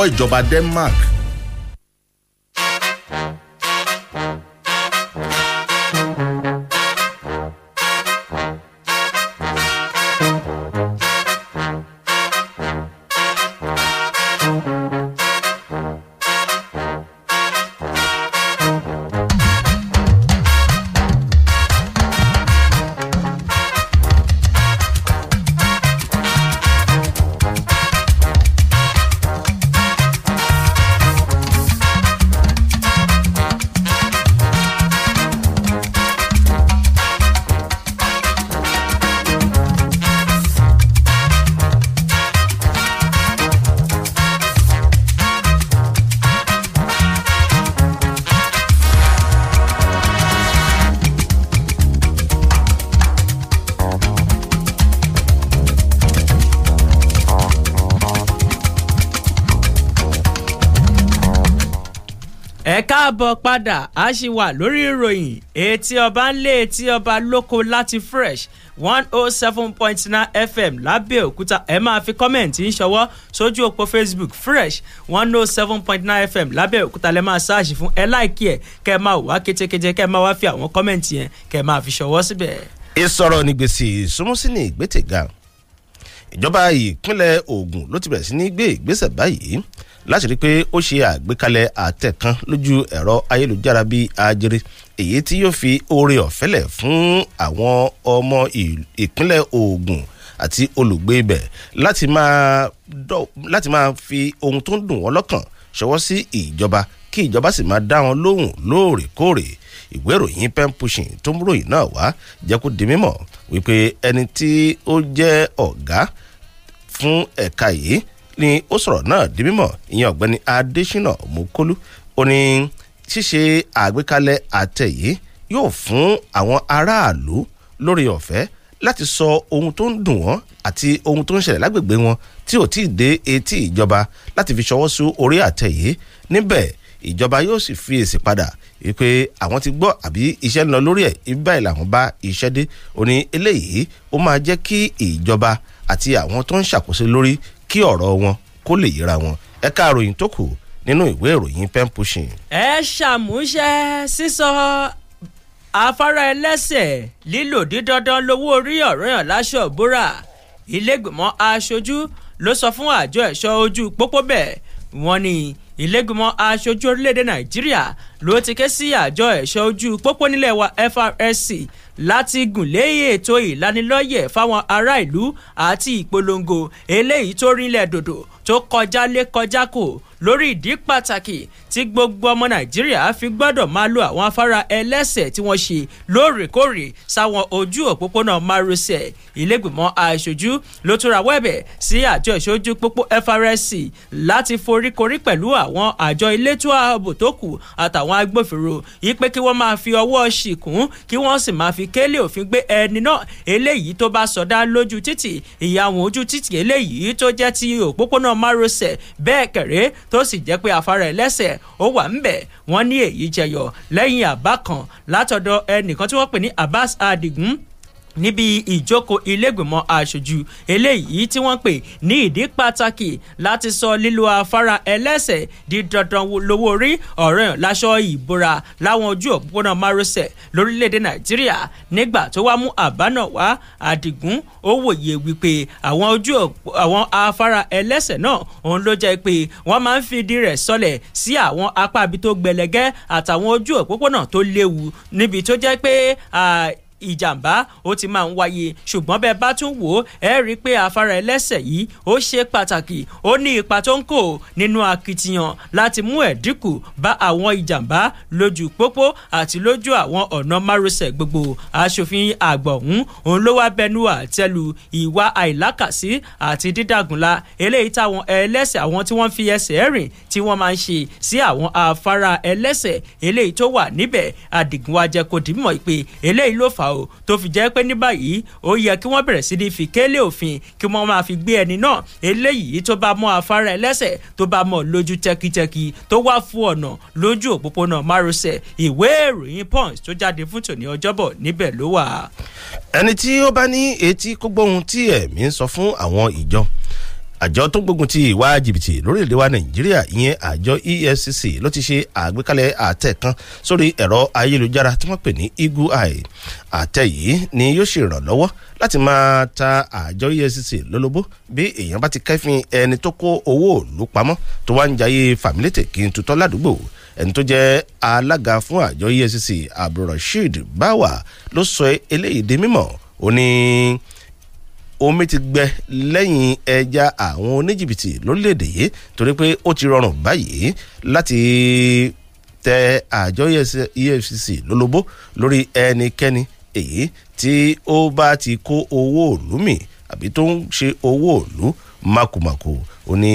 lọ́wọ́ ìjọba Denmark. ẹ káàbọ̀ padà a ṣì wà lórí ìròyìn etí ọba ń lé etí ọba lóko láti fresh one oh seven point nine fm lábẹ́òkúta ẹ máa fi kọ́mẹ̀ntì ń ṣọwọ́ sójú òpó facebook fresh one oh seven point nine fm lábẹ́òkúta lẹ́ máa ṣáàṣì fún ẹ láìkí ẹ̀ kẹ́ ẹ máa wá ketekete kẹ́ ẹ máa wá fi àwọn kọ́mẹ̀ntì yẹn kẹ́ ẹ máa fi ṣọwọ́ síbẹ̀. ìsọ̀rọ̀ ní gbèsè ìsúnmọ́sí ní ìgbẹ́tẹ̀gà ìjọba ìpínlẹ̀ Ògùn ló ti bẹ̀rẹ̀ sí ní gbé ìgbésẹ̀ báyìí láti rí i pé ó ṣe àgbékalẹ̀ àtẹ̀ kan lójú ẹ̀rọ ayélujára bíi ajere èyí tí yóò fi oore ọ̀fẹ́lẹ̀ fún àwọn ọmọ ìpínlẹ̀ ogun àti olùgbé ibẹ̀ láti máa fi ohun tó ń dùn wọ́n lọ́kàn ṣọwọ́ sí ìjọba kí ìjọba sì máa dá wọn lóhùn lóòrèkóòrè ìwé ìròyìn pen pushing tó mú ròyìn náà wá jẹ́ kó di mímọ̀ wípé ẹni tí ó jẹ́ ọ̀gá fún ẹ̀ka yìí ni ó sọ̀rọ̀ náà di mímọ̀ ìyẹn ọ̀gbẹ́ni adésínà mokolu ó ní ṣíṣe àgbékalẹ̀ àtẹ yìí yóò fún àwọn aráàlú lórí ọ̀fẹ́ láti sọ ohun tó ń dùn wọ́n àti ohun tó ń ṣẹlẹ̀ lágbègbè wọn tí ò tí ì dé etí ìjọba láti fi ṣọwọ́ sí orí àtẹ yìí níbẹ̀ ìjọba yóò sì fi èsì padà wípé àwọn ti gbọ́ àbí iṣẹ́ ń lọ lórí ẹ̀ ibà ìlànà bá iṣẹ́ dé ó eléyìí ó máa jẹ́ kí ìjọba àti àwọn tó ń ṣàkóso lórí kí ọ̀rọ̀ wọn kó lè yíra wọn ẹ̀ka àròyìn tó kù nínú ìwé ìròyìn pen pushing. ẹ ṣàmúṣẹ sísọ afárá ẹlẹ́sẹ̀ lílò dídọ́dán lówó orí ọ̀rọ̀ yàn láṣọ ìbúra aṣojú ló sọ fún àjọ ẹ̀ṣọ́ ojú pópó bẹ́ẹ̀ wọ́n ní ilégbèmọ̀ aṣojú orílẹ̀ nàìjíríà ló ti ké sí àjọ ẹ̀ṣọ́ ojú pópó nílẹ̀ wa FRSC láti gùn lé ètò ìlanilọ́yẹ̀ fáwọn ará ìlú àti ìpolongo eléyìí tó rinlẹ̀ dòdò tó kọjá lé kọjá kò lórí ìdí pàtàkì tí gbogbo ọmọ nàìjíríà fi gbọ́dọ̀ máa lo àwọn afárá ẹlẹ́sẹ̀ tí wọ́n ṣe lóòrèkóòrè sáwọn ojú òpópónà márosẹ̀ ilégbìmọ̀ aṣojú ló tún rawọ́ ẹ̀bẹ̀ sí àjọ ìṣojú pópó FRSC láti foríkorí pẹ̀lú àwọn àjọ elétò ààbò tó kù àtàwọn àwọn agbófinró yìí pé kí wọ́n máa fi ọwọ́ ṣìkún kí wọ́n sì máa fi kélé òfin gbé ẹni náà eléyìí tó bá sọdá lójú títì ìyá àwọn ojú títì eléyìí tó jẹ́ ti òpópónà márosẹ̀ bẹ́ẹ̀ kẹ̀rẹ́ tó sì jẹ́ pé afárá ẹlẹ́sẹ̀ ó wà ń bẹ̀ wọ́n ní èyí jẹyọ lẹ́yìn àbá kan látọ̀dọ̀ ẹnìkan tí wọ́n pè ní Abbas Adigun níbi ìjókòó ilégbèmọ̀ aṣojú eléyìí tí wọ́n pè ní ìdí pàtàkì láti sọ lílo afárá ẹlẹ́sẹ̀ di dandan lówó orí ọ̀rọ̀ yàn láṣọ ìbora láwọn ojú òpópónà márosẹ̀ lórílẹ̀‐èdè nàìjíríà nígbà tó wá mú àbá náà wá àdìgún ó wòye wípé àwọn ojú àwọn afárá ẹlẹ́sẹ̀ náà òun ló jẹ́ pé wọ́n máa ń fìdí rẹ̀ sọlẹ̀ sí àwọn apá ibi tó gbẹlẹ́gẹ́ àtàwọn ojú òpópónà tó léwu níbi tó jẹ́ pé ìjàmbá ó ti máa ń wáyé ṣùgbọ́n bẹ́ẹ̀ bá tún wò ó ẹ rí i pé afárá ẹlẹ́sẹ̀ yìí ó ṣe pàtàkì ó ní ipa tó ń kó nínú akitiyan láti mú ẹ̀dínkù bá àwọn ìjàmbá lójú pópó àti lójú àwọn ọ̀nà márosẹ̀ gbogbo aṣòfin àgbọ̀ ọ̀hún òun ló wá bẹnu àtẹ́lu ìwà àìlákàsí àti dídàgúnlá eléyìí táwọn ẹlẹ́sẹ̀ àwọn tí wọ́n fi ẹsẹ̀ rìn tí wọ́n máa ń ṣe sí àwọn afárá ẹlẹ́sẹ̀ eléyìí tó wà níbẹ̀ Adigun wa jẹ́ kó dìímọ̀ pé eléyìí ló fà o tó fi jẹ́ pé ní báyìí ó yẹ kí wọ́n bẹ̀rẹ̀ sí ní fi kélé òfin kí wọ́n máa fi gbé ẹni náà eléyìí tó bá mọ afárá ẹlẹ́sẹ̀ tó bá mọ lójú tẹkitẹki tó wá fún ọ̀nà lójú òpópónà márosẹ̀ ìwé ìròyìn punch tó jáde fún tòní ọjọ́bọ̀ níbẹ̀ ló wà. ẹni tí ó bá ní etí kó gbóhun tí ẹ̀mí sọ fún àwọn ìjọ àjọ tó ń gbógun ti ìwà jìbìtì lórílẹ̀‐èdè wa nàìjíríà ìyẹn àjọ efcc ló ti ṣe àgbékalẹ̀ àtẹ̀ kan sórí ẹ̀rọ ayélujára tí wọ́n pè ní eagle eye àtẹ̀ yìí ni yóò ṣèrànlọ́wọ́ láti máa ta àjọ efcc lólobó bí èèyàn bá ti kẹ́fìn ẹni tó kó owó òlu pamọ́ tó wá ń jayé fàmílétè kí n tutọ́ ládùúgbò ẹni tó jẹ́ alága fún àjọ efcc abdulrasheed báwa ló sọ eléyìí di mímọ́ Oni omi ti gbẹ lẹ́yìn ẹja àwọn oníjìbìtì lórílẹ̀‐èdè yìí torí pé ó ti rọrùn báyìí láti tẹ àjọ EFCC lólobó lórí ẹnikẹ́ni èyí tí ó bá ti kó owó òlú mì àbí tó ń ṣe owó òlú makumako ó ní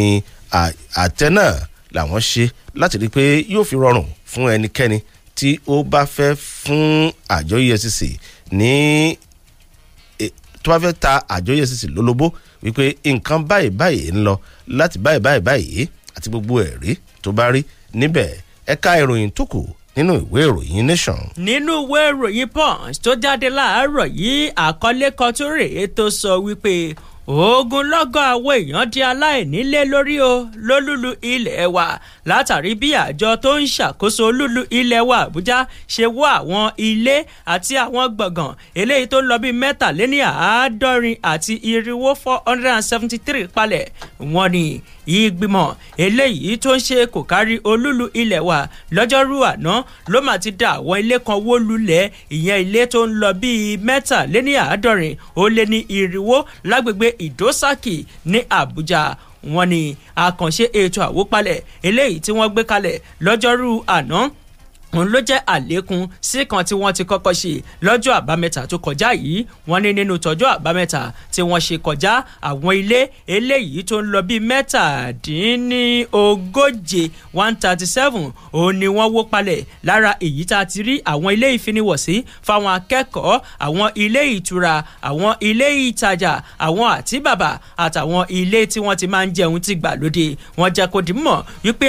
àtẹ náà làwọn ṣe láti rí i pé yóò fi rọrùn fún ẹnikẹ́ni tí ó bá fẹ́ fún àjọ EFCC ní tó bá fẹ́ ta àjọ EFCC lólobó wípé nǹkan báyìí báyìí ń lọ láti báyìí báyìí báyìí àti gbogbo ẹ̀rí tó bá rí níbẹ̀ ẹ̀ka ìròyìn tó kù nínú ìwé ìròyìn nation. nínú ìwé ìròyìn punch tó jáde láàárọ̀ yìí àkọlé kan tó rè é tó sọ wípé ogunlọ́gọ̀ àwọn èèyàn di aláìnílé lórí o lólúlu ilẹ̀ wa látàrí bí àjọ tó ń ṣàkóso lúlu ilẹ̀ wa Àbújá ṣe wó àwọn ilé àti àwọn gbọ̀ngàn eléyìí tó ń lọ bíi mẹ́tàléní àádọ́rin àti irinwó four hundred and seventy three palẹ̀ wọ́n ní ìgbìmọ̀ eléyìí tó ń ṣe kò kárí olúlu ilẹ̀ wa lọ́jọ́rú àná ló mà ti da àwọn ilé kan wó lulẹ̀ ìyẹn ilé tó ń lọ bíi mẹ́tàléní àádọ́rin ó lé ní irinwó lágbègbè ìdósàkì ní àbújá wọ́n ní àkànṣe ètò àwópalẹ̀ eléyìí tí wọ́n gbé kalẹ̀ lọ́jọ́rú àná òun ló jẹ́ àlékún sí kan tí wọ́n ti kọ́kọ́ ṣe lọ́jọ́ àbámẹ́ta tó kọjá yìí wọ́n ní nínú tọ́jọ́ àbámẹ́ta tí wọ́n ṣe kọjá àwọn ilé eléyìí tó ń lọ bíi mẹ́tàdínlógóje one thirty seven òun ni wọ́n wó palẹ̀ lára èyí tá a ti rí àwọn ilé ìfiniwọ̀sí fáwọn akẹ́kọ̀ọ́ àwọn ilé ìtura àwọn ilé ìtajà àwọn àti bàbà àtàwọn ilé tí wọ́n ti máa ń jẹun ti gbàlódé wọ́n jẹ́ kó dì mọ̀ wípé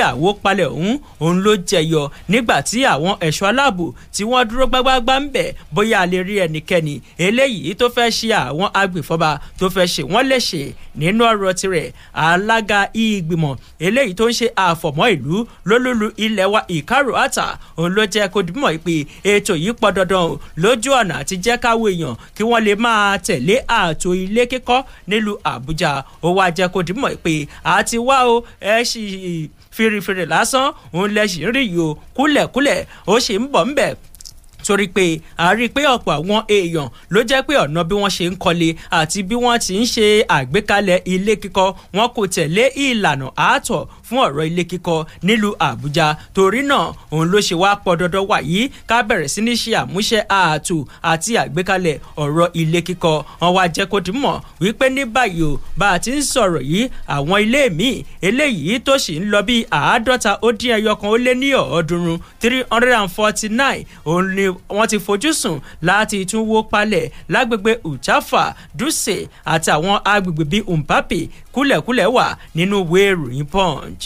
à àwọn ẹ̀ṣọ́ aláàbò tí wọ́n dúró gbágbágbá ń bẹ̀ bóyá a lè rí ẹnikẹ́ni eléyìí tó fẹ́ ṣe àwọn agbèfọ́ba tó fẹ́ ṣe wọ́n léṣe nínú ọ̀rọ̀ tirẹ̀ alága ìgbìmọ̀ eléyìí tó ń ṣe àfọ̀mọ́ ìlú lólúlu ilẹ̀ wa ìkárò àtà òun ló jẹ́ kó dìbò pé ètò yìí pọ̀ dandan o lójú ọ̀nà àti jẹ́ káwọ́ èèyàn kí wọ́n lè máa tẹ̀lé ààtò ilé kíkọ́ nílùú Àbújá ó wá jẹ́ kó dìbò pé àti wá o ẹ ṣì fìrìfìrì lásán òun lẹ sì ń rí yìí o kúlẹ̀kúlẹ̀ ó sì ń bọ̀ ńbẹ̀ torí pé a rí i pé ọ̀pọ̀ àwọn èèyàn ló jẹ́ pé ọ̀nà bí wọ́n ṣe ń kọ́lé àti bí wọ́n ti ń ṣe àgbékalẹ̀ ilé kíkọ́ wọn kò tẹ̀lé ìlànà ààtọ̀ fún ọ̀rọ̀ ilé kíkọ́ nílùú àbújá torí náà òun ló ṣe wá pọ̀ dandan wàyí ká bẹ̀rẹ̀ sí ní ṣe àmúṣe ààtò àti àgbékalẹ̀ ọ̀rọ̀ ilé kíkọ́ wọn wá jẹ́ kó ti mọ̀ wípé ní báyìí o bá a ti ń sọ̀rọ̀ yìí àwọn ilé míì eléyìí tó sì ń lọ bí àádọ́ta ó dín ẹyọ kan ó lé ní ọ̀ọ́dúnrún three hundred and forty nine òun ni wọ́n ti fojúsùn láti tún wó palẹ̀ lágbègbè uchafa Dusse àti àwọn agbègbè bíi Mpapi kúlẹ̀kúlẹ̀ wà nínú ìwé ìròyìn Punch.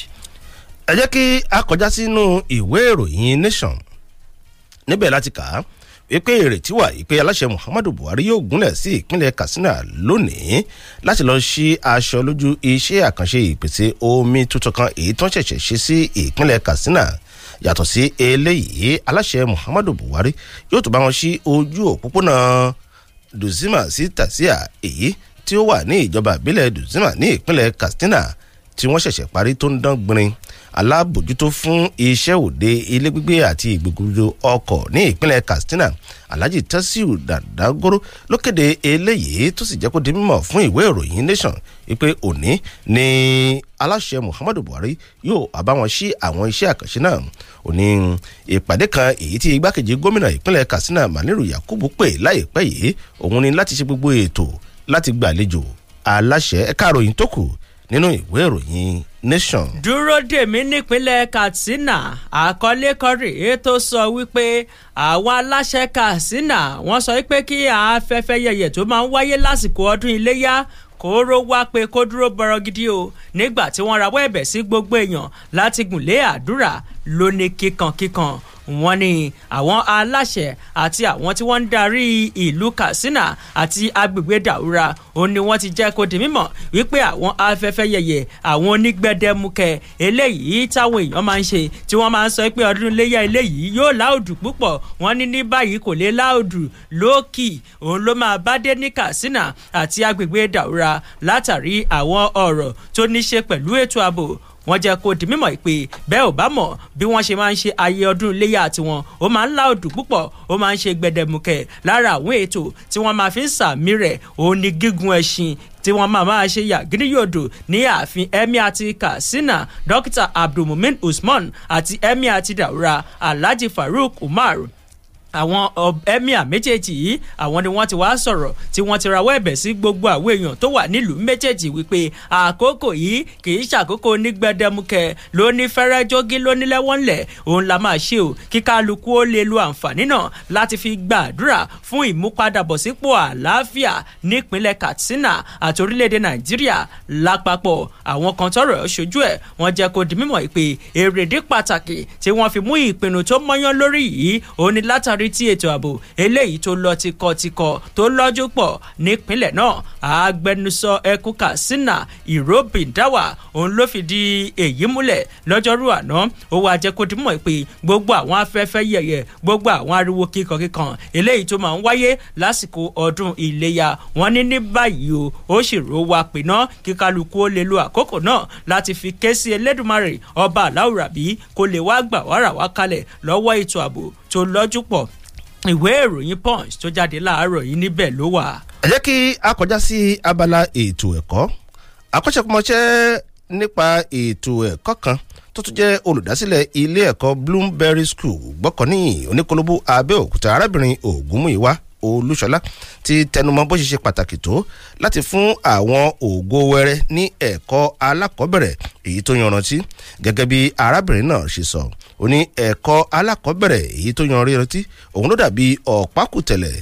ẹ jẹ́ kí a kọjá sínú ìwé ìròyìn Nation níbẹ̀ láti kà á wípé ìrètí wà wípé aláṣẹ Muhammadu Buhari yóò gúnlẹ̀ sí ìpínlẹ̀ Katsina lónìí láti lọ sí aṣọ lójú iṣẹ́ àkànṣe ìpèsè omi tuntun kan èyí tó ṣẹ̀ṣẹ̀ ṣe sí ìpínlẹ̀ Katsina yàtọ̀ sí eléyìí aláṣẹ muhammadu buhari yóò tún bá wọn sí ojú òpópónà dùzima sí tàṣíà èyí tí ó wà ní ìjọba ìbílẹ̀ dùzima ní ìpínlẹ̀ katsina tí wọ́n ṣẹ̀ṣẹ̀ parí tó ń dán gbinrin alábòjútó fún iṣẹ́ òde ilé gbígbé àti ìgbòkúdò ọkọ̀ ní ìpínlẹ̀ katsina alhaji tasiu dandagoro ló kéde eléyìí tó sì jẹ́ kó di mímọ̀ fún ìwé ìròyìn nation wípé òní ni aláṣẹ Muhammadu Buhari yóò àbáwọn sí àwọn iṣẹ́ àkànṣe náà ó ní ìpàdé kan èyí tí igbákejì gómìnà ìpínlẹ̀ Katsina Maniru Yakubu pè láìpẹ́ yìí òun ni láti ṣe gbogbo ètò láti gbàlejò aláṣẹ ẹ̀ka ìròyìn tó kù nínú ìwé ìròyìn nation. dúró dèmí nípínlẹ̀ katsina àkọlé kọrí ètò sọ wípé àwọn aláṣẹ katsina wọ́n sọ wípé kí afẹ́fẹ́ yẹ̀yẹ̀ tó máa ń wáyé lásìkò ọdún iléyá kóró wá pé kó dúró bọ̀rọ̀ gidi o nígbà tí wọ́n rawọ́ ẹ̀bẹ̀ sí gbogbo èèyàn láti gùn lé àdúrà lóní kíkankíkan wọ́n ní àwọn aláṣẹ àti àwọn tí wọ́n ń darí ìlú Katsina àti agbègbè Daura òun ni wọ́n ti jẹ́ kó di mímọ̀ wípé àwọn afẹ́fẹ́ yẹyẹ àwọn onígbẹ́dẹ́mukẹ eléyìí táwọn èèyàn máa ń ṣe tí wọ́n máa ń sọ pé ọdún iléyà eléyìí yóò láòdù púpọ̀ wọ́n ní ní báyìí kò lè láòdù lókì òun ló máa bá dé ní Katsina àti agbègbè Daura látàrí àwọn ọ̀rọ̀ tó ní ṣe pẹ̀lú ètò ààbò wọ́n jẹ́ kó di mímọ̀ pé bẹ́ẹ̀ ò bá mọ̀ bí wọ́n ṣe máa ń ṣe ayé ọdún iléyà tiwọn ó máa ń láòdù púpọ̀ ó máa ń ṣe gbẹdẹmukẹ̀ lára àwọn ètò tí wọ́n máa fi ń sàmì rẹ̀ òun ni gígùn ẹṣin tí wọ́n máa máa ṣe yàgídíyòdò ní ààfin emir katsina dókítà abdulmumin usman àti emir ti daura alhaji farouk umar àwọn uh, emir méjèèjì yìí àwọn ni wọ́n ti wá sọ̀rọ̀ tí wọ́n ti rawọ́ ẹ̀bẹ̀ sí gbogbo àwọn èèyàn tó wà nílùú méjèèjì wípé àkókò yìí kì í ṣàkókò onígbẹdẹmukẹ lóní fẹ́rẹ́ jogi lóní lẹ́wọ̀nlẹ̀ òun la máa ṣe o kí kálukú ó lè lo àǹfààní náà láti fi gbàdúrà fún ìmúpadàbọ̀sípò àlàáfíà nípínlẹ̀ Katsina àti orílẹ̀-èdè Nàìjíríà lápapọ̀ àwọn kan tọ́rọ̀ ṣojú ẹ̀ wọ́n jẹ́ kó di mímọ̀ pé èrèdí pàtàkì tí wọ́n fi mú ìpinnu tó mọ́yán lórí yìí òun ni látàrí adarí tí ètò ààbò eléyìí tó lọ tikọtikọ tó lọ́jú pọ̀ nípínlẹ̀ náà agbẹnusọ ẹkú katsina ìròbìndáwà òun ló fìdí èyí múlẹ̀ lọ́jọ́rú àná ó wàá jẹ́ kó dimọ̀ pé gbogbo àwọn afẹ́fẹ́ yẹ̀yẹ̀ gbogbo àwọn ariwo kíkankíkan eléyìí tó máa ń wáyé lásìkò ọdún iléyà wọn ní ní báyìí o ó sì rò wá pé ná kíkálukú ó lè lo àkókò náà láti fi ké sí elédùnmarè ọba aláwùrábí kó lè wá gbà wàrà wá kalẹ̀ lọ́wọ́ ètò ààbò tó lọ́jú pọ̀ ìwé ìròyìn punch tó jáde láàárọ̀ yìí níbẹ̀ ló wà. ẹ jẹ́ kí a kọjá sí abala ètò ẹ̀kọ́ akọ́ṣẹ́kọ́mọṣẹ́ nípa ètò ẹ̀kọ́ kan tó tún jẹ́ olùdásílẹ̀ ilé ẹ̀kọ́ bloomberry school gbọ́kànnì oníkolobó abẹ́òkúta arábìnrin ògúnmùíwá olúṣọlá ti tẹnumọ́ bó ṣe ṣe pàtàkì tó láti fún àwọn ògo wẹrẹ ní ẹ̀kọ́ alákọ̀ọ́bẹ̀rẹ̀ èyí tó yanrantí gẹ́gẹ́ bí arábìnrin náà ṣe sọ ó ní ẹ̀kọ́ alákọ̀ọ́bẹ̀rẹ̀ èyí tó yanrantí òun ló dàbí ọ̀pákùtẹ̀lẹ̀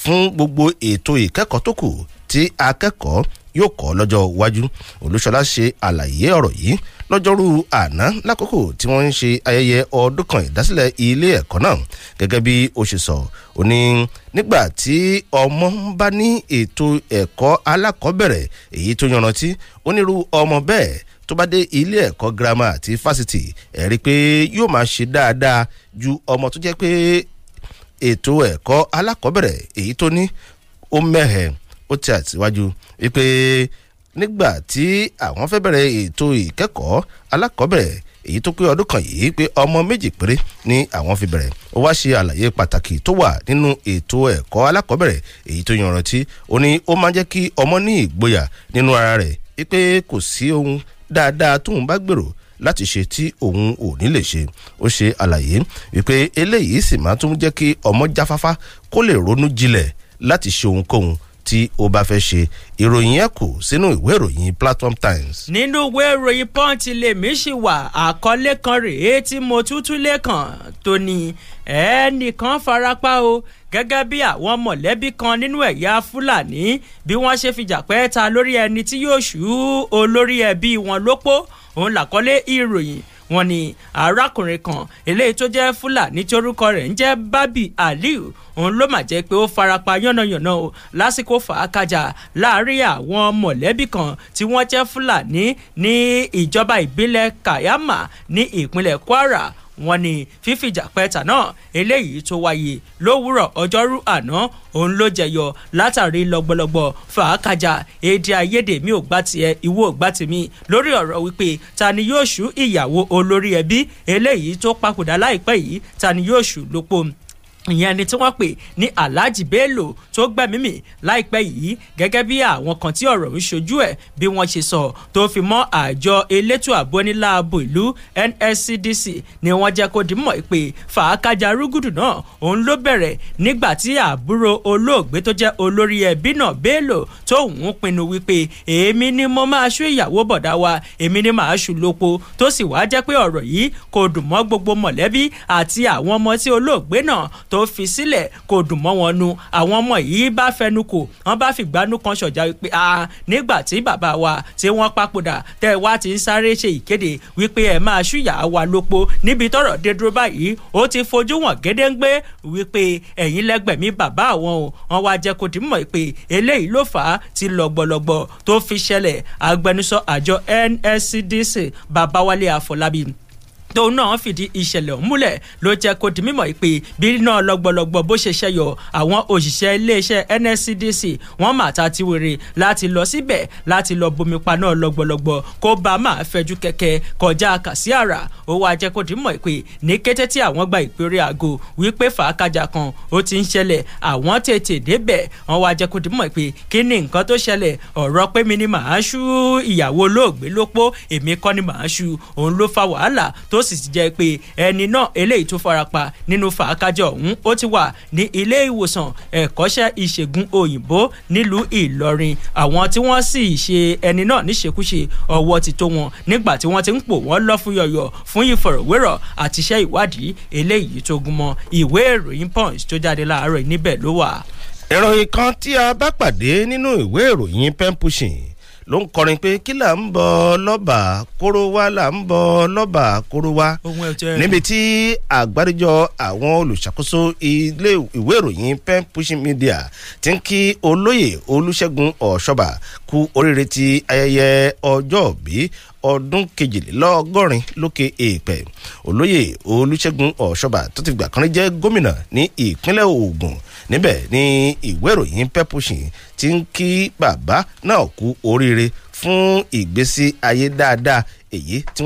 fún gbogbo ètò ìkẹ́kọ̀ọ́ tó kù tí akẹ́kọ̀ọ́ yóò kọ́ lọ́jọ́ iwájú olúṣọlá ṣe àlàyé ọ̀rọ̀ yìí lọ́jọ́rú àná lákòókò tí wọ́n ń ṣe ayẹyẹ ọdún kan ìdásílẹ̀ ilé ẹ̀kọ́ náà gẹ́gẹ́ bí ó ṣe sọ ó ní nígbà tí ọmọ bá ní ètò ẹ̀kọ́ alákọ̀ọ́bẹ̀rẹ̀ èyí tó yanrantí onírú ọmọ bẹ́ẹ̀ tó bá dé ilé ẹ̀kọ́ girama àti fásitì ẹ̀ rí i pé yóò máa ṣe dáadáa ju ọmọ tó jẹ́ pé ètò ẹ̀kọ́ alákọ̀ọ́bẹ̀rẹ̀ èyí tó ní ó mẹ́hẹ̀ẹ́ ó ti àtiwájú wípé nígbà tí àwọn fẹ́ bẹ̀rẹ̀ ètò ìkẹ́kọ̀ọ́ alákọ̀ọ́bẹ̀rẹ̀ èyí tó pé ọdún kan yìí pé ọmọ méjì péré ni àwọn fi bẹ̀rẹ̀ ó wá ṣe àlàyé pàtàkì tó wà nínú ètò ẹ̀kọ́ alákọ̀ọ́bẹ̀rẹ̀ èyí tó yanrantí ó ní ó máa ń jẹ́ kí ọmọ ní ìgboyà nínú ara rẹ̀ wípé kò sí ohun dáadáa tóun bá gbèrò láti ṣe tí òun ò ní lè ṣe ó ṣe àlàyé wípé eléyìí sì máa tún jẹ́ kí ọmọ jáfáfá kó lè ronú jinlẹ̀ láti ṣe ohunkóhun tí o bá fẹ́ ṣe ìròyìn yẹn kù sínú ìwé ìròyìn platform times. nínú ìwé ìròyìn punch lèmi ṣì wà àkọlé kan rèé tí mo tútú lẹ́kàn tó ní ẹnìkan farapa o gẹ́gẹ́ bí àwọn mọ̀lẹ́bí kan nínú ẹ̀yà fúlàní bí wọ́n ṣe fìjà pẹ́ ta lórí ẹni tí yóò ṣú olórí ẹbí wọn lópó òun làkọlé ìròyìn wọ́n ní arákùnrin kan eléyìí tó jẹ́ fúlàní tí orúkọ rẹ̀ ń jẹ́ babi aliu òun ló mà jẹ́ pé ó farapa yánnayànna o lásìkò fàákàjà láàrin àwọn mọ̀lẹ́bí kan tí wọ́n jẹ́ fúlàní ní ìjọba ìbílẹ̀ kayama ní ìpínlẹ̀ kwara wọ́n ní fífìjà pẹ́ẹ́tà náà eléyìí tó wáyé lówùúrọ̀ ọjọ́rú àná òun ló jẹyọ látàrí lọ́gbọ̀lọ́gbọ̀ fàákàjà èdè àìyedè mi ò gbà tiẹ̀ ìwọ ò gbà tèmi lórí ọ̀rọ̀ wípé ta ni yóò ṣú ìyàwó olórí ẹbí eléyìí tó papòdà láìpẹ́ yìí ta ni yóò ṣú lópò ìyẹn ni tí wọ́n pè ní Alhaji Bello tó gbẹ̀mímì láìpẹ́ yìí gẹ́gẹ́ bí àwọn kan tí ọ̀rọ̀ ń ṣojú ẹ̀ bí wọ́n ṣe sọ tó fi mọ́ àjọ elétò ààbò oníláàbò ìlú NSCDC ni wọ́n jẹ́ kó di mọ̀ pé fàákàjà rúgùdù náà òun ló bẹ̀rẹ̀ nígbà tí àbúrò olóògbé tó jẹ́ olórí ẹbí náà Bello tó ń pinnu wípé èmi ni mo máa ṣú ìyàwó bọ̀dá wa èmi ni màá ṣú lóko tó sì wá jẹ́ pé ọ̀rọ̀ yìí kò dùn mọ́ gbogbo mọ̀lẹ́bí àti tó fi sílẹ̀ kò dùn mọ́ wọn nu àwọn ọmọ yìí bá fẹnu kò wọ́n bá fìgbánú kan ṣọ̀já pé a nígbà tí bàbá wa tí wọ́n papòdà tẹ́ ẹ wá ti ń sáré ṣe ìkéde wípé ẹ máa ṣúyà wa lópo níbi tọ́rọ̀ dé dúró báyìí ó ti fojú wọn gédéǹgbé wípé ẹ̀yin lẹ́gbẹ̀mí bàbá àwọn o wọ́n wá jẹ́ kó dì mọ̀ pé eléyìí ló fà á ti lọ́gbọ̀lọ́gbọ̀ tó fi ṣẹlẹ̀ agbẹnusọ àjọ NSCDC Babawale Afọlábí tóun náà fìdí ìṣẹ̀lẹ̀ ọ̀hún múlẹ̀ ló jẹ́ kó di mímọ̀ pé bí náà lọ́gbọ̀lọ́gbọ̀ bó ṣe ṣẹyọ àwọn òṣìṣẹ́ iléeṣẹ́ NSCDC wọ́n mà ta ti wèrè láti lọ síbẹ̀ láti lọ bomi pa náà lọ́gbọ̀lọ́gbọ̀ kó bá máa fẹjú kẹ̀kẹ́ kọjá kàsí àrà ó wá jẹ́ kó di mímọ̀ pé ní kété tí àwọn gba ìpèrè àgọ́ wípé fàákàjà kan ó ti ń ṣẹlẹ̀ àwọn tètè débẹ̀ wọ́n wá jẹ́ kó di mímọ̀ pé kí ni nǹkan tó ṣẹlẹ̀ ọ̀rọ̀ pé mi ni màá ṣú ìyàwó olóògbé lópó èmi kọ́ ni màá ṣú òun ló fa wàhálà tó tó sì ti jẹ́ pé ẹni náà eléyìí tó farapa nínú fàákájọ ọ̀hún ó ti wà ní ilé ìwòsàn ẹ̀kọ́ṣẹ́ ìṣègùn òyìnbó nílùú ìlọrin àwọn tí wọ́n sì ṣe ẹni náà níṣekúṣe ọwọ́ ti tó wọn nígbà tí wọ́n ti ń pò wọ́n lọ́fúyọ̀yọ̀ fún ìfọ̀rọ̀wérọ̀ àtiṣẹ́ ìwádìí eléyìí tó gúnmọ́ ìwé ìròyìn punch tó jáde láàárọ̀ níbẹ̀ ló wà. ìròyìn kan tí a bá pàdé nínú ìwé ìròyìn pen pushing ló ń kọrin pé kí là ń bọ lọ́bà kóró wá là ń bọ lọ́bà kóró wá níbi tí àgbáríjọ àwọn olùṣàkóso ilé ìwé ìròyìn pen pushing media ti ń kí olóyè olúṣẹ́gun ọ̀ṣọ́bà kú oríire ti ayẹyẹ ọjọ́òbí ọdún kejìlélọ́gọ́rin lókè èèpẹ̀ olóyè olúṣẹ́gun ọ̀ṣọ́bà tó ti gbà kan jẹ́ gómìnà ní ìpínlẹ̀ ògùn níbẹ̀ ni ìwé ìròyìn pepushin ti ń kí bàbá náà kú oríire fún ìgbésí ayé dáadáa èyí tí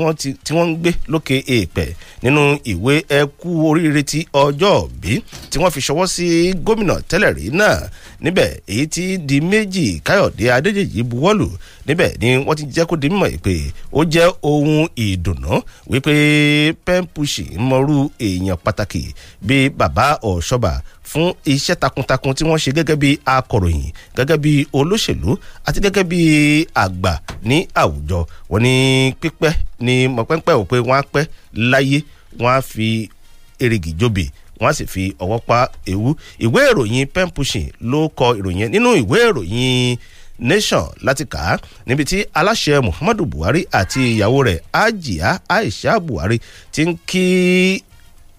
wọ́n ń gbé lókè èèpẹ̀ nínú ìwé ẹ kú oríire ti ọjọ́ òbí tí wọ́n fi ṣọwọ́ sí gómìnà tẹ́lẹ̀ rí náà níbẹ̀ èyí tí di méjì káyọ̀dé adéjèjì buwọ́lù níbẹ̀ ni wọ́n ti jẹ́ kó di mímọ̀ pé ó jẹ́ ohun ìdùnnú wípé pemphucin mọrú èèyàn pàtàkì bíi bàbá ọ̀ṣọ́bà fún iṣẹ́ takuntakun tí wọ́n ṣe gẹ́gẹ́ bí akọ̀ròyìn gẹ́gẹ́ bí olóṣèlú àti gẹ́gẹ́ bí àgbà ní àwùjọ wọ́n ní pípẹ́ ní mọ̀pẹ́ńpẹ́ ò pé wọ́n á pẹ́ láyé wọ́n á fi èrìgì jóbe wọ́n á sì fi ọwọ́ pa ewu ìwé ìròyìn pen pushing ló kọ ìròyìn nínú ìwé ìròyìn nation láti kà á níbi tí aláṣẹ muhammadu buhari àti ìyàwó rẹ̀ ajiya aisha buhari ti ń kí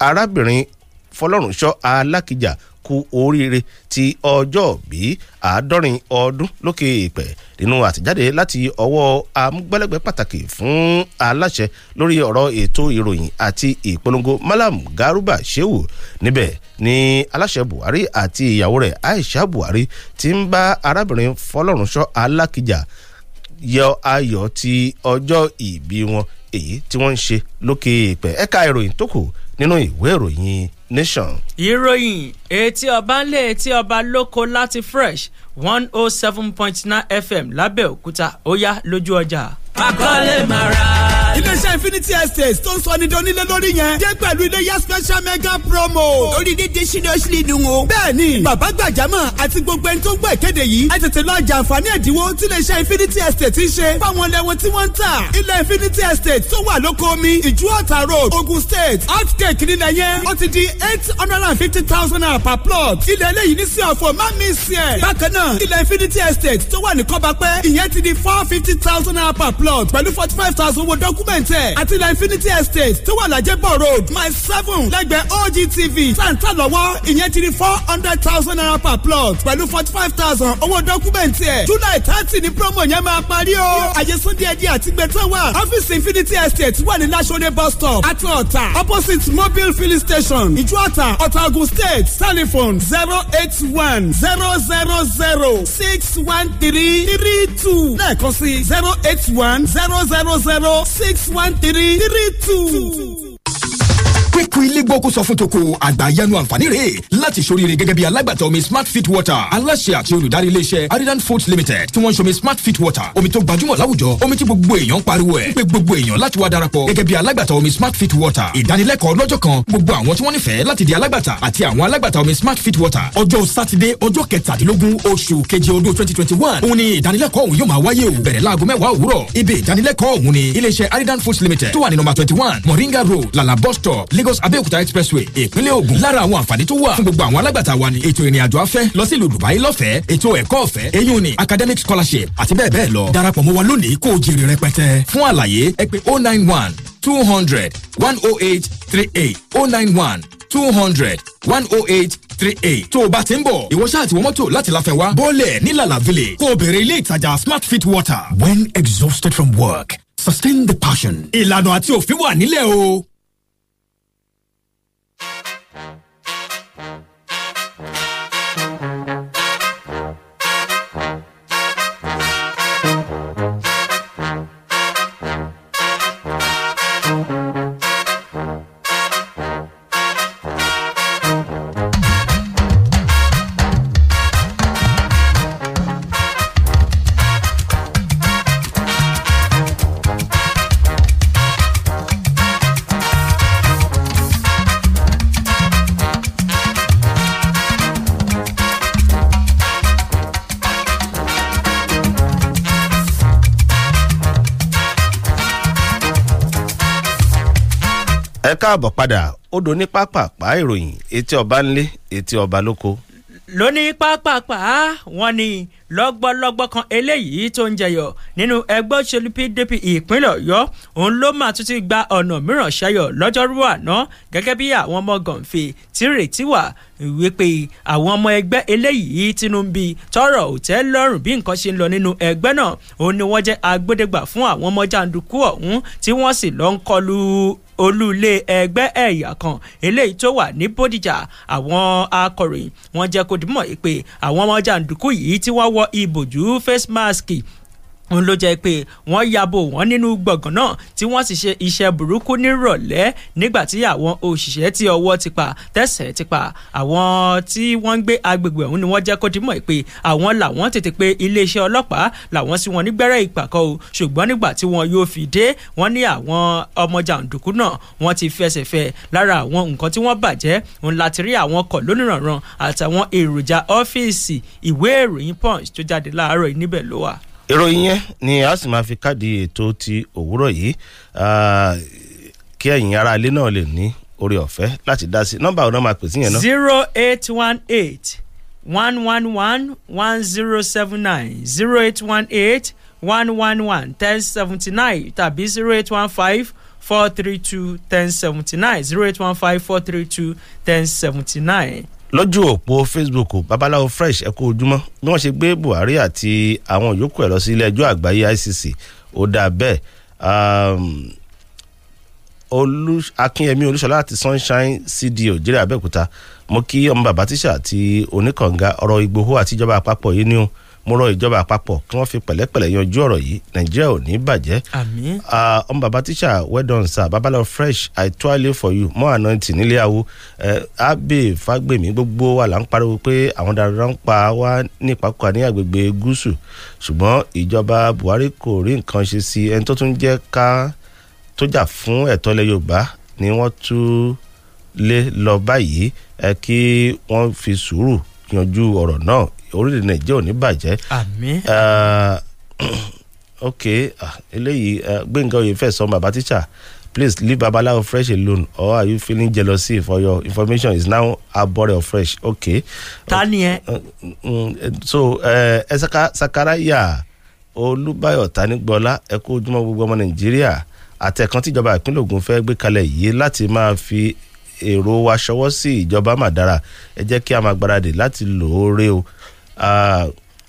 arábìnrin fọlọ́runṣọ́ alákìjà kú oríire ti ọjọ́ bí àádọ́rin ọdún lókè ìpẹ́ nínú àtẹ̀jáde láti ọwọ́ amúgbálẹ́gbẹ̀ẹ́ pàtàkì fún aláṣẹ lórí ọ̀rọ̀ ètò ìròyìn àti ìpolongo Malam Garuba Shehu níbẹ̀ ni aláṣẹ Buhari àti ìyàwó rẹ̀ Aisha Buhari ti ń bá arábìnrin Fọlọ́runṣọ́ Alákìjà yọ ayọ̀ ti ọjọ́ ìbí wọn èyí tí wọ́n ń ṣe lókè ìpẹ́ ẹ̀ka ìròyìn tó kù nínú ìwé ìròyìn nation. ìròyìn etí ọba ńlẹ̀ etí ọba lóko láti fresh one oh seven point nine fm lábẹ́òkúta ó yá lójú ọjà. akọ́lé màrà iléeṣẹ́ infinity estate tó ń sọ ní donílé lórí yẹn jẹ́ pẹ̀lú iléyà special mega promo. orí dídí seriously dùn o. bẹ́ẹ̀ni bàbá gbàjámọ̀ àti gbogbo ẹni tó ń gbọ́ ìkéde yìí ẹ tètè lọ jàǹfààní ẹ̀dínwó tí iléeṣẹ́ infinity estate ń ṣe fáwọn lẹ́wọ̀n tí wọ́n ń tà. ilé infinity estate tó wà lóko omi ìjú ọ̀tà road ogun state outcake nílẹ̀ yẹn ó ti di eight hundred and fifty thousand naira per plot. ilẹ̀ eléyìí ní sí ọ̀fọ̀ má mi sí ẹ̀. bákan náà infinity estate tó wà ní kọ́bapẹ́ ìyẹn ti four fifty thousand per plot pẹ̀lú forty five thousand owó development ẹ̀ àti la infinity estate tó wà lájẹ́bọ̀ road mile seven lẹ́gbẹ̀ẹ́ OGTV tàǹtà lọ́wọ́ ìyẹn ti di four hundred thousand naira per plot pẹ̀lú forty five thousand owó dọ́kúmẹ̀ntì ẹ̀ july thirty ni promo yẹn máa parí o àyẹ̀sùn díẹ̀ díẹ̀ àti gbẹ̀tẹ̀ wà office infinity estate wà ní lasọ́lé bus stop àti ọ̀tà opposite mobile filling station ìjú ọ̀tà ọ̀tà state telephone zero eight one zero zero zero six one three three two lẹ́ẹ̀kan sí zero eight one zero zero zero six six one three three two péku ilé gbọ́ kó sọ fún toko àgbàyanu àǹfààní rẹ̀ láti ṣoríire gẹ́gẹ́ bí alágbàtà omi smart fit water aláṣẹ àti olùdarí iléeṣẹ́ aridan foods limited tí wọ́n ń ṣomi smart fit water omi tó gbajúmọ̀ láwùjọ omi tí gbogbo èèyàn pariwo ẹ̀ pé gbogbo èèyàn láti wá darapọ̀ gẹ́gẹ́ bí alágbàtà omi smart fit water ìdánilẹ́kọ̀ọ́ lọ́jọ́ kan gbogbo àwọn tí wọ́n nífẹ̀ẹ́ láti di alágbàtà àti àwọn alágbàtà omi smart fit water ọjọ́ sátidé ọjọ́ kẹtàdínlógún oṣù keje ọdún twenty twenty one òun ni ìdánilẹ́kọ̀ọ́ òun yóò foods limited tó wà ní moringa road lala Lagos Abẹ́òkúta expressway ìpínlẹ̀ Ògùn lára àwọn àǹfààní tó wà fún gbogbo àwọn alágbàtà wa ni ètò ìrìnàjò afẹ́ lọ sí ìlú Dubai lọ́fẹ̀ẹ́ ètò ẹ̀kọ́ ọ̀fẹ́ eyín ni academic scholarship àti bẹ́ẹ̀ bẹ́ẹ̀ lọ darapọ̀ mọ́ wa lónìí kó o jèrè rẹpẹtẹ fún àlàyé ẹ pè 091 200 108 38 091 200 108 three eight. tó o bá ti ń bọ̀ ìwọ ṣáà ti wọ mọ́tò láti láfẹ́ wá bọ́ọ̀lẹ̀ ní lala village kó o bèrè ilé ìtajà smart fit water. when exhausted from work sustain the passion. ìlànà àti òfin wà nílẹ̀ o. káàbọ̀ padà odò ní pápápá ìròyìn etí ọba ńlé etí ọba lóko. lóní pápápá wọn ni lọ́gbọ́lọ́gbọ́ kan eléyìí tó ń jẹyọ nínú ẹgbẹ́ òṣèlú PDP ìpínlẹ̀ Ọ̀yọ́ òun ló máa tún ti gba ọ̀nà mìíràn ṣayọ lọ́jọ́rú àná gẹ́gẹ́ bí àwọn ọmọ gànfè tí rètí wà wípé àwọn ọmọ ẹgbẹ́ eléyìí tínú ń bi tọrọ òtẹ́ lọ́rùn bí nǹkan ṣe ń lọ nínú ẹgbẹ́ náà òun ni wọ́n jẹ́ agbódegbà fún àwọn ọmọ jàǹdùkú ọ̀hún tí wọ́n sì lọ ń kọlu olúlé ẹgbẹ́ ẹ̀yà kan eléyìí tó wà ní Bódìjà àwọn akọ̀ròyìn wọ́n jẹ́ kó dìmọ̀ pé àwọn ọmọ jàǹdùkú yìí tí wọ́n wọ ìbòjú face mask òun ló jẹ́ pé wọ́n yabo wọ́n nínú gbọ̀ngàn náà tí wọ́n sì ṣe iṣẹ́ burúkú nírọ̀lẹ́ nígbà tí àwọn òṣìṣẹ́ tí ọwọ́ ti pa tẹ̀sẹ̀ ti pa àwọn tí wọ́n ń gbé agbègbè ọ̀hún ni wọ́n jẹ́ kó dimọ̀ pé àwọn làwọn tètè pé iléeṣẹ́ ọlọ́pàá làwọn sí wọn nígbẹ́rẹ́ ìpàkọ́ o ṣùgbọ́n nígbà tí wọn yóò fi dé wọ́n ní àwọn ọmọ jàǹdùkú náà wọ́n ti fẹsẹ̀ fẹ lára àwọn nǹkan tí wọ́n bàjẹ́ òun láti rí àwọn kọ̀ lónìrànràn àtàwọn èròjà ọ́fíìsì ìwé ìròyìn punch tó jáde láàárọ̀ níbẹ̀ ló wà ìròyìn yẹn ni a sì máa fi káàdì ètò ti òwúrọ̀ yìí ah, kí ẹ̀yin ará ilé náà lè ní oore ọ̀fẹ́ láti dá sí nọ́mbà ọ̀nà máa pè sí yẹn náà. zero eight one eight one one one one zero seven nine zero eight one eight one one one ten seventy nine tàbí zero eight one five four three two ten seventy nine zero eight one five four three two ten seventy nine lójú òpó facebook babaláwo fresh ẹ kú ojúmọ́ bí wọ́n ṣe gbé buhari àti àwọn yòókù ẹ̀ lọ sí ilé ẹjọ́ àgbáyé icc ó dáa bẹ́ẹ̀ um, olú akínyẹmí olúṣọlá àti sunshine cdo jẹ́rẹ́ abẹ́òkúta mo kí ọmọ bàbá tíṣà àti oníkànga ọ̀rọ̀ ìgbòho àtijọba àpapọ̀ yìí ni ó mo rọ ìjọba àpapọ̀ kí wọ́n fi pẹ̀lẹ́pẹ̀lẹ́ yanjú ọ̀rọ̀ yìí nàìjíríà ò ní bàjẹ́. àmín. ọmọ bàbá tíṣà well done sir fresh i toile for you mọ àná tì nílé awo abe fagbemi gbogbo wa là ń pariwo pé àwọn darandaran pa wá ní ìpakùkà ní agbègbè gúúsù ṣùgbọ́n ìjọba buhari kò rí nǹkan ṣe sí ẹni tó tún jẹ́ ká tó jà fún ẹ̀tọ́ ilẹ̀ yorùbá ni wọ́n tún lé lọ báyìí ẹ kí wọ́n fi sùúrù yanjú ọ̀rọ̀ náà orílẹ̀-èdè nàìjíríà ò ní bàjẹ́. àmín. [coughs] ok eléyìí gbẹ̀ngàn oyè fẹ́ sọ bàbá tíṣà please leave babaláwo fresh alone or are you feeling jealousy for your information is now abore of fresh okay. ta ni ẹ. Mm, mm, mm, so ẹ sakaraya olúbáyọ̀ tanígbọ́lá ẹ kú ojúmọ́ gbogbo ọmọ nàìjíríà àtẹ̀kàn tíjọba ìpínlẹ̀ Ògùn fẹ́ gbé kalẹ̀ yìí láti máa fi èrò wa ṣọwọ́ sí ìjọba mà dára ẹ jẹ́ kí a máa gbáradì láti lò ó rè o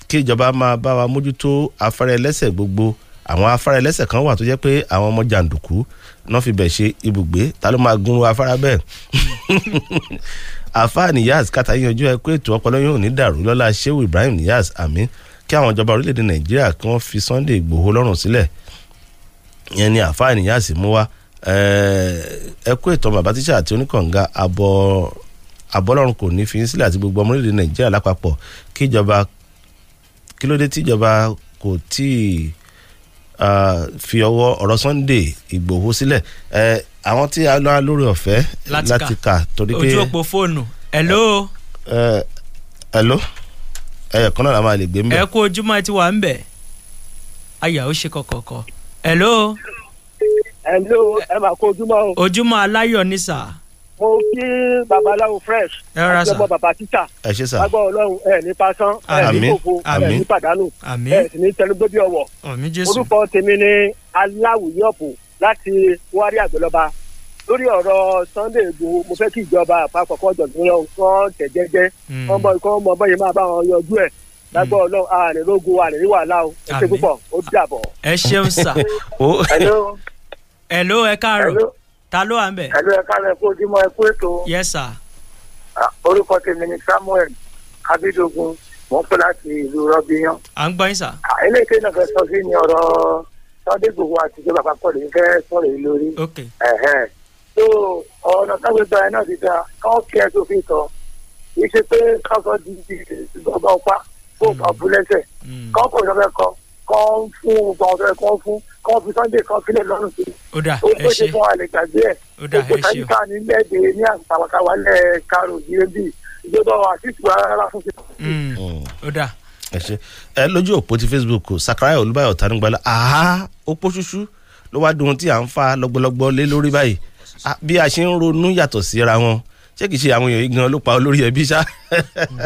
kí ìjọba máa bá wa mójútó afárá ẹlẹ́sẹ̀ gbogbo àwọn afárá ẹlẹ́sẹ̀ kan wà tó jẹ́ pé àwọn ọmọ jàǹdùkú náà fi bẹ̀ ṣe ibùgbé ta ló máa gúnrú afárá bẹ́ẹ̀ [laughs] àfáà Niyaz Katayi yanjú ẹ pé ètò ọpọlọ yóò ní dàrú lọ́la Shehu Ibrahim Niyaz àmín kí àwọn ìjọba orílẹ̀-èdè Nàìjíríà kí wọ́n fi Sunday Ìgbòho lọ́rùn sílẹ̀ yẹn ni àfáà Niyaz mú wá ẹ kú ètò bàbá tíṣà àti oníkànga abọ abọ́lọ́run kò ní fi sílẹ̀ àti gbogbo ọmọlẹ́dẹ̀ nàìjíríà lápapọ̀ kíjọba kí ló dé tíjọba kò tí ì fi ọwọ́ ọ̀rọ̀ Sunday Ìgbòho sílẹ̀ àwọn tí a lọ lórí ọ̀fẹ́ láti kà torí pé ojú òpó fóònù hello. hello ẹyọ kan náà la máa lè gbé ń bẹ. ẹ kú ojúmọ́ ẹ ti wà ń bẹ̀ àyà ó ṣe kọ̀kọ̀kọ̀ hello. hello hello eh, ẹ máa kó ojúmọ́ o. ojúmọ́ aláyọ̀ ni sà. mo kí babaláwo fresh. ẹ rà sà ọmọ bàbá títà. ẹ ṣe sà. agbọ́ ọlọ́run ẹ ní pasán ẹ ní kókó ẹ ní pàdánù ẹ sì ní tẹnugbóbi ọwọ́. àmín jésù. orúkọ tèmi ni aláwùyọ̀pọ̀ láti wárí àgbẹ̀lọba lórí ọ̀rọ̀ Sunday Igboho mo fẹ́ kí ìjọba àpapọ̀ kọ́ jọ̀dún yọ nǹkan tẹ̀jẹ́jẹ́ hmm. ọmọ ikọ́ ọmọ ọmọ máa bá wọn yanjú ẹ̀ lágbọ́ hmm. ọlọ́run àrèrógún àrèrí wàhálà o ẹ ṣe púpọ̀ ó dàbọ̀. ẹ ṣeun sà hello ẹ káàárọ̀ ta ló wà ń bẹ̀. hello ẹ káàárọ̀ kó ojúmọ́ ẹ kú ètò. yes sir. orúkọ tèmi ni samuel abidogun mo ń pè láti ìlú rọ́bìyàn. à ń gbọ́ yín sà. eléyìí kéèyàn fẹ́ sọ sí ni ọ̀rọ̀ sunday gbogbo àti ìjọba àpapọ̀ lè fẹ́ sọ̀rọ̀ yìí lórí. ok so ọ̀nà táwọn ìgbà yẹn náà ti da káwọn kí ẹ tó fi tọ̀ kì í ṣe pé káwọn di ìgbọ̀ngàn pa kó o mm. lẹ́sẹ̀ mm. káwọn kò sọ fẹ́ kọ́ kọ́ ń fún gbọ̀ngàn fẹ́ kọ́ ń fún kan fi sunday kan sílẹ̀ lọ́rùn sí. ó dà ẹ ṣe ó dà ẹ ṣe ó dà ẹ ṣe ó. èkó sáyíká ní lẹ́ẹ̀dẹ̀ ní àtàwàkáwà lẹ̀ karò gírébì ìjọba àṣìṣe wa rárá fún ti. Hmm, ó dà. ẹ ṣe ẹ lójú òpó ti facebook sakaraya olúbáyọ̀ tanugbala aha ó pọ̀ ṣuṣu ló wá dohun tí à ń fa lọ́gbọ́lọ́gbọ́ lé lórí báyìí bí a ṣe ń ronú yàtọ̀ síra wọn ṣé kìí ṣe àwọn èèyàn igan ló pa olórí ẹbí ṣá. Hmm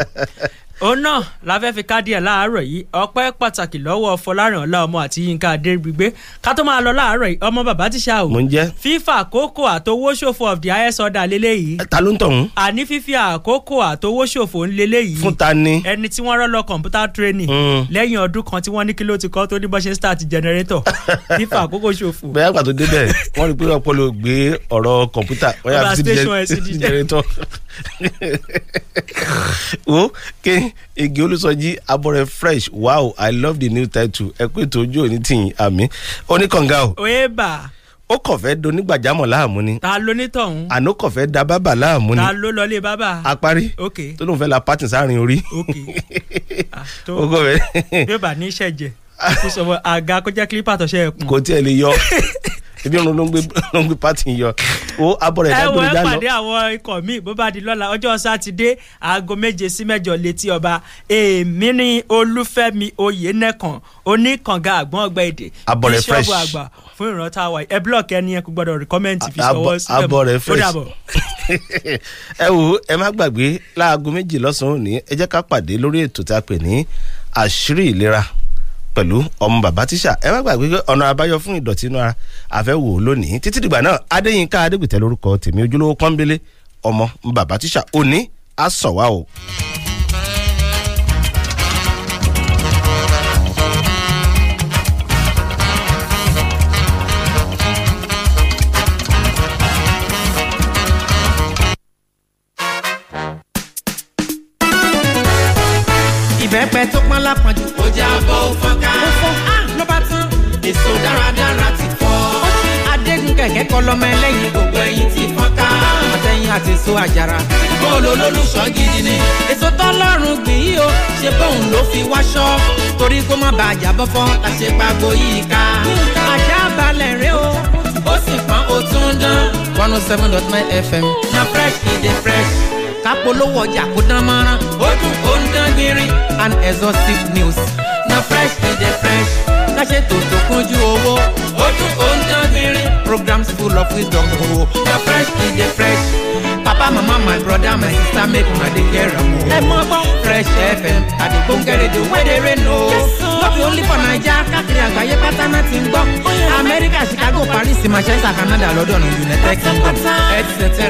òun náà la fẹ́ fi kádìẹ̀ láàárọ̀ yìí ọpẹ́ pàtàkì lọ́wọ́ fọlárìn ọ̀la ọmọ àti yínká adéríbigbé ká tó máa lọ láàárọ̀ yìí ọmọ bàbá ti ṣá o. mo ń jẹ́. fífa àkókò àtowó ṣòfò of the highest order leléyìí. ta ló ń tọ̀hún. àní fífi àkókò àtowó ṣòfò ń leléyìí. fún ta ni. ẹni tí wọ́n rán lọ computer training. Hmm. lẹ́yìn ọdún kan tí wọ́n ní kí ló ti kọ́ tó ní bọ́ start generator. [laughs] fífa àkókò ṣòfò. bẹ́ẹ̀ àgbà tó débẹ̀ wọ́n rí pé ọpọlọ gbé ọ̀rọ̀ kọ̀ǹpútà wọ́n generator. [laughs] wo kí ege olùsọjí abọ́rẹ̀ fresh wow i love the new title ẹ pé tójú òní tìyìn àmì oníkànga o. oye bá a ó kàn fẹ́ donígbàjámọ̀ láàmú ni. ta ló ní tọ̀hún. àná kàn fẹ́ da bábà láàmú ni. ta ló lọlé bábà. apárí ok tó lóun fẹ́ la pátì sáàrin orí. ok [laughs] ah, tó o kò fẹ́. bébà ní sẹ̀jẹ̀ kó sọ fún àga kó jẹ́ kílípà tó ṣe kò tiẹ̀ lè yọ [laughs] ibi irun ló ń gbé ló ń gbé pati yọ o abọ́rẹ̀ ẹ wo ẹ pàdé àwọn ikọ̀ mi bó bá di sátidé aago méje sí mẹ́jọ létí ọba èmi ni olúfẹ́mi oyènẹ́kan oníkànga àgbọ̀n ọgbà èdè abọ́rẹ̀ fresh bíṣọ́ọ̀bù àgbà fún ìrántá wa ẹ blọọkì ẹni yẹn kò gbọdọ̀ rìkọ́mẹ́ǹtì fi sọwọ́ sílẹ̀ mọ́ ó dàbọ̀. [laughs] ẹ wo ẹ má gbàgbé láago méjì lọ́sàn òní ẹ jẹ́ ká pàdé lórí ètò tá a pè ní àṣírí ìlera pẹ̀lú ọmọ bàbá tíṣà ẹ má gbàgbé pé ọ̀nà àbáyọ fún ìdọ̀tí inú ara àfẹ́wò lónìí títí dìgbà náà adéyínká adégbìtẹ́ lórúkọ tèmi ojúlówó pọ́nbélé ọmọ bàbá tíṣà òní àsọ̀wá o. ìbẹ́pẹ tó pọ́n lápọ̀jù. ó jẹ́ abọ́ ó fọ́nká. ó fọ́n á ló bá tán. èso dáradára ti fọ́. ó ti adégún kẹ̀kẹ́ kọ lọ́mọ ẹlẹ́yin. gbogbo ẹyin ti fọ́nká. àtẹ̀yìn àti èso àjàrà. bóòlù olólùṣọ́ gidi ni. èso tọ́lọ́run gbìn yìí o ṣe bóun ló fi wáṣọ. torí kó má bàa jábọ́ fọ́ la ṣe pàgbo yìí ká. àjà balẹ̀ rẹ o. ó sì pọ́n ó tún dán. one oh seven dot nine fm. na fresh e dey fresh ká polówó ọjà kó dán mọ́rán ó dùn ó dán gbinrin and exhaustive news na fresh e dey fresh ká ṣe tòótọ́ kúnjú owó ó dùn ó dán gbinrin programs full of wisdom o oh. na fresh e dey fresh papa mama my brother my sister make una dey hear am o. ẹ mọ gbọ́n fresh fm àdìgbòǹgẹ̀ rédíò wẹ́n dey rain o. no be only for naija káàkiri àgbáyé pátá náà ti ń gbọ́. Oh, amẹ́ríkà chicago paris manchester canada london united kingdom etc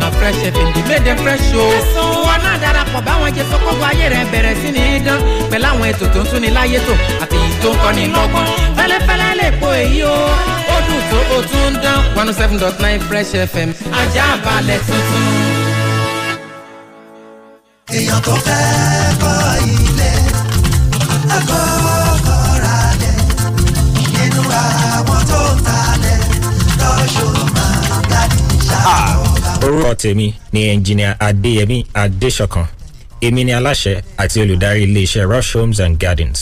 na fresh fm di make dem fresh o. Oh. wọn náà darapọ̀ báwọn jẹ sọ́kọ́gbọ́ ayé rẹ̀ bẹ̀rẹ̀ sí ni dán pẹ̀lú àwọn ètò tó ń tún ni láyé tò àti èyí tó ń kọ́ ni lọ́gbọ́n fẹ́lẹ́fẹ́lẹ́ lè po èyí o. Oh dùn tó o tún dán one oh seven dot nine fresh fm ajá balẹ̀ tuntun. èèyàn tó fẹ́ kọ́ ilé akọ́kọ́ ah, orúkọ tèmi ni ẹnjìnìà adéyẹmí adéṣọkan èmi ni aláṣẹ àti olùdarí iléeṣẹ́ rush homes and gardens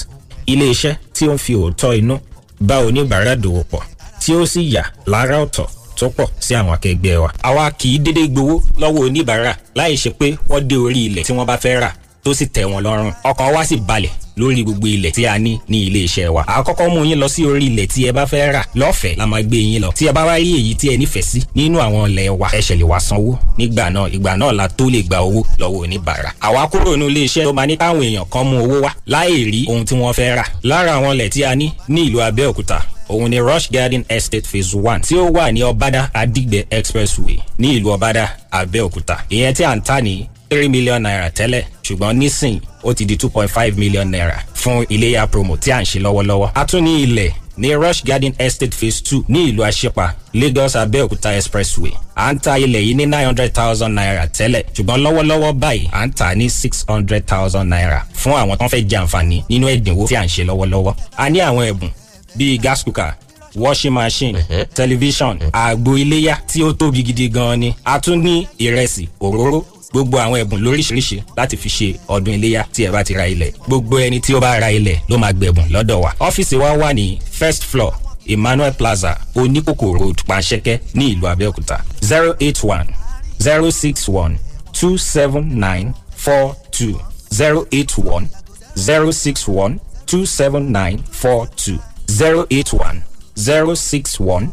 iléeṣẹ́ tí ó ń fi òótọ́ inú bá oníbàárà dòwò pọ̀ tí ó sì yà lára ọ̀tọ̀ tó pọ̀ sí àwọn akẹgbẹ́ wa. àwa kì í dédé gbowó lọ́wọ́ oníbàárà láì ṣe pé wọ́n dé orí ilẹ̀ tí wọ́n bá fẹ́ rà tó sì tẹ̀ wọ́n lọ́rùn ọkàn wa sì balẹ̀ lórí gbogbo ilẹ̀ tí a ní ní ilé iṣẹ́ wa. àkọ́kọ́ mú yín lọ sí orí ilẹ̀ tí ẹ bá fẹ́ rà lọ́fẹ̀ẹ́ la máa gbé yín lọ. tí ẹ bá wá rí èyí tí ẹ nífẹ̀ẹ́ sí nínú àwọn ilẹ̀ wa ẹ ṣẹ̀lẹ̀ wá sanwó nígbà náà ìgbà náà la tó lè gba owó lọ́wọ́ oníbàárà. àwa kúrò ní ilé tó máa ní káwọn èèyàn kan mú owó wá láì rí ohun tí wọ́n fẹ́ rà. lára àwọn ilẹ̀ tí a ní ní ìlú Abẹ́òkúta òun ni Rush Garden Estate phase one tí ó wà ní Ọ̀bádà Adigbe expressway ní ìlú Ọ̀bádà Abẹ́òkúta ìyẹn tí à ń tà ní three million naira tẹ́lẹ̀ ṣùgbọ́n nísìn ó ti di two point five million naira fún iléyà promo tí à ń ṣe lọ́wọ́lọ́wọ́ a tún ní ilẹ̀ ní Rush Garden Estate phase two ní ìlú Àṣepa Lagos Abẹ́òkúta expressway à ń ta ilẹ̀ yìí ní nine hundred thousand naira tẹ́lẹ̀ ṣùgbọ́n lọ́wọ́lọ́wọ́ báyìí à ń ta ní six hundred thousand naira fún àwọn tó ń fẹ́ jẹ àǹfààní nínú ẹ̀dínwó tí à ń ṣe lọ́wọ́lọ́wọ́ a ní àwọn ẹ̀bùn bíi gas cooker washing machine uh -huh. television àgbo iléyà tí ó tóbi gidi gan ni a tún ní ìrẹsì òróró gbogbo àwọn ẹ̀bùn lóríṣiríṣi láti fi ṣe ọdún iléyà tí ẹ bá ti ra ilẹ̀ gbogbo ẹni tí ó bá ra ilẹ̀ ló máa gbẹ̀bùn lọ́dọ̀ wa ọ́fíìsì wa wà ní first floor Emmanuel Plaza Oníkòkò road Panṣẹ́kẹ́ ní ìlú Abẹ́òkúta zero eight one zero six one two seven nine four two zero eight one zero six one two seven nine four two zero eight one zero six one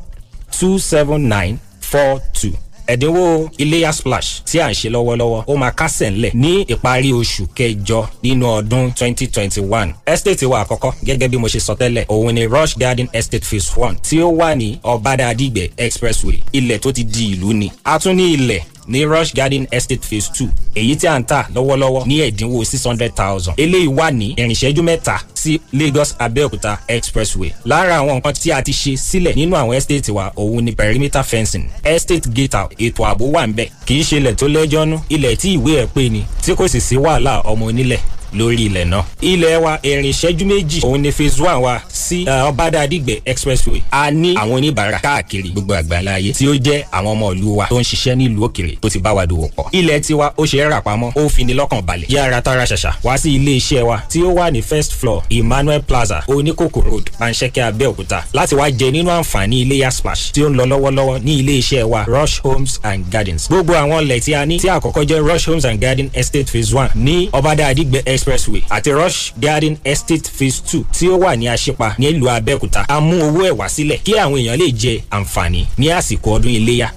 two seven nine four two ẹ̀dínwó iléyà splash tí à ń ṣe lọ́wọ́lọ́wọ́ ó máa kásẹ̀ ńlẹ̀ ní ìparí oṣù kẹjọ nínú ọdún 2021. estate wa àkọ́kọ́ gẹ́gẹ́ bí mo ṣe sọ tẹ́lẹ̀ òun ni rush garden estate phase one tí ó wà ní ọ̀bádàdìgbẹ̀ expressway ilẹ̀ tó ti di ìlú ni. a tún ní ilẹ̀ ní rush garden estate phase two èyí tí a ń tà lọ́wọ́lọ́wọ́ ní ẹ̀dínwó six hundred thousand eléyìí wà ní ìrìnsẹ́jú mẹ́ta sí Lagos Abẹ́òkúta expressway lára àwọn nǹkan tí a ti ṣe sílẹ̀ nínú àwọn estate wa òun ni perimeter fencing estate gate out ètò ààbò wà ń bẹ̀ kì í ṣe ilẹ̀ tó lẹ́jọ́nú ilẹ̀ tí ìwé ẹ̀ pé ni tí kò sì sí wàhálà ọmọ onílẹ̀ lórí ilẹ̀ náà. ilẹ̀ wa ẹ̀rìn ìṣẹ́jú méjì òun ni phase one wa sí ọbádàdìgbẹ́ expressway a ní àwọn oníbàárà káàkiri gbogbo àgbáláyé tí ó jẹ́ àwọn ọmọ ìlú wa tó ń ṣiṣẹ́ nílùú òkèrè tó ti bá wa dòwò pọ̀. ilẹ̀ tiwa ó ṣe é rà pamọ́ ó fi ni lọ́kàn balẹ̀ yára tara ṣàṣà wá sí ilé iṣẹ́ wa tí ó wà ní first floor Emmanuel Plaza oníkòkò road panṣẹ́kẹ́ Abẹ́òkúta láti wá jẹ nínú àǹfààní iléyà splash tí ó ń lọ lọ́wọ́lọ́wọ́ ní ilé iṣẹ́ wa Rush Homes and Gardens gbogbo àwọn ilẹ̀ tí a ní tí àkọ́kọ́ jẹ́ Rush Homes and Garden Estate phase one ní ọbádàdìgbẹ́ express expressway àti rush garden estate phase two tí ó wà ní aṣípa nílùú abẹ́òkúta a mú owó ẹ̀ wá sílẹ̀ kí àwọn èèyàn lè jẹ àǹfààní ní àsìkò ọdún iléyà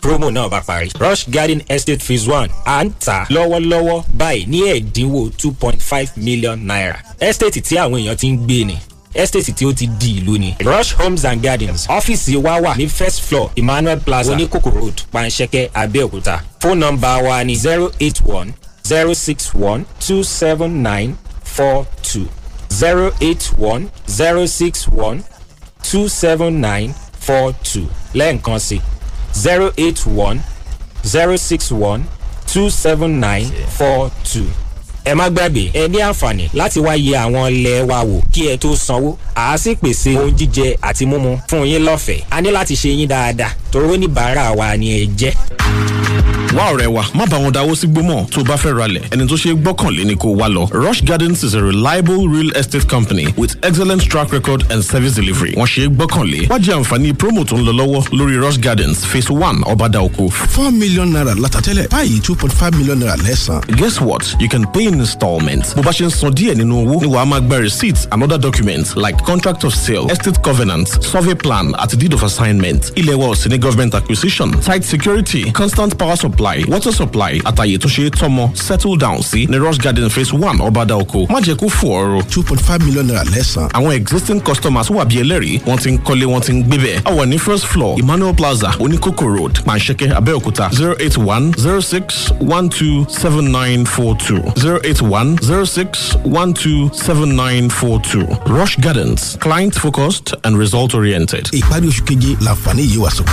promo náà bá parí. rush garden estate phase one à ń tà lọ́wọ́lọ́wọ́ báyìí ní ẹ̀dínwó two point five million naira. estate tí àwọn èèyàn ti ń gbé ni estate tí ó ti di ìlú ni. rush homes and gardens ọ́fíìsì wa wà ní first floor emmanuel plaza oníkòkò road panṣẹ́kẹ́ abẹ́òkúta Phone Number wa ni zero eight one zero six one two seven nine four two zero eight one zero six one two seven nine four two lẹ́ẹ̀kan sí zero eight one zero six one two seven nine four two ẹ má gbàgbé ẹ ní àǹfààní láti wá yẹ àwọn ilẹ̀ wa wò kí ẹ tó sanwó a sì pèsè ohun jíjẹ àti mímu fún yín lọ́fẹ̀ẹ́ a ní láti ṣe yín dáadáa torí oníbàárà wa ni ẹ jẹ́ wá ọ̀rẹ́ wa má bá wọn dáwó sí gbómọ̀ tó bá fẹ́ ralẹ̀ ẹni tó ṣe gbọ́kànlé ni kó wá lọ. Rush Gardens is a reliable real estate company with excellent track record and service delivery. Wọ́n ṣe gbọ́kànlé. Wá jẹ àǹfààní promo tó ń lọ lọ́wọ́ lórí Rush Gardens phase one Ọbadaoko. Four million naira látàtẹ́lẹ̀ báyìí two point five million naira lẹ́sàn. Guess what? You can pay in installments. Bó bá ṣe ń san díẹ̀ nínú owó ni wàá máa gba receipts and other documents like contract of sale, estate covenant, survey plan àti deed of assignment. Ilẹ̀ wa sí ní government acquisition, tight security, constant power supply supply water supply àtàyè tó ṣe settle down sí ní Rush Garden phase one ọ̀bàdà oko má jẹ́ kó fò ọ̀rọ̀. two point five million naira lẹ́sàn. àwọn existing customers wà bí ẹlẹ́rìí wọ́n ti ń kọ́lé wọ́n ti ń gbébẹ̀. a wà ní first floor Emmanuel Plaza Oníkókó road Panṣẹ́kẹ́ Abẹ́òkúta zero eight one zero six one two seven nine four two zero eight one zero six one two seven nine four two Rush Gardens client focused and result oriented. ìparí oṣù keje làǹfààní yìí wà sókè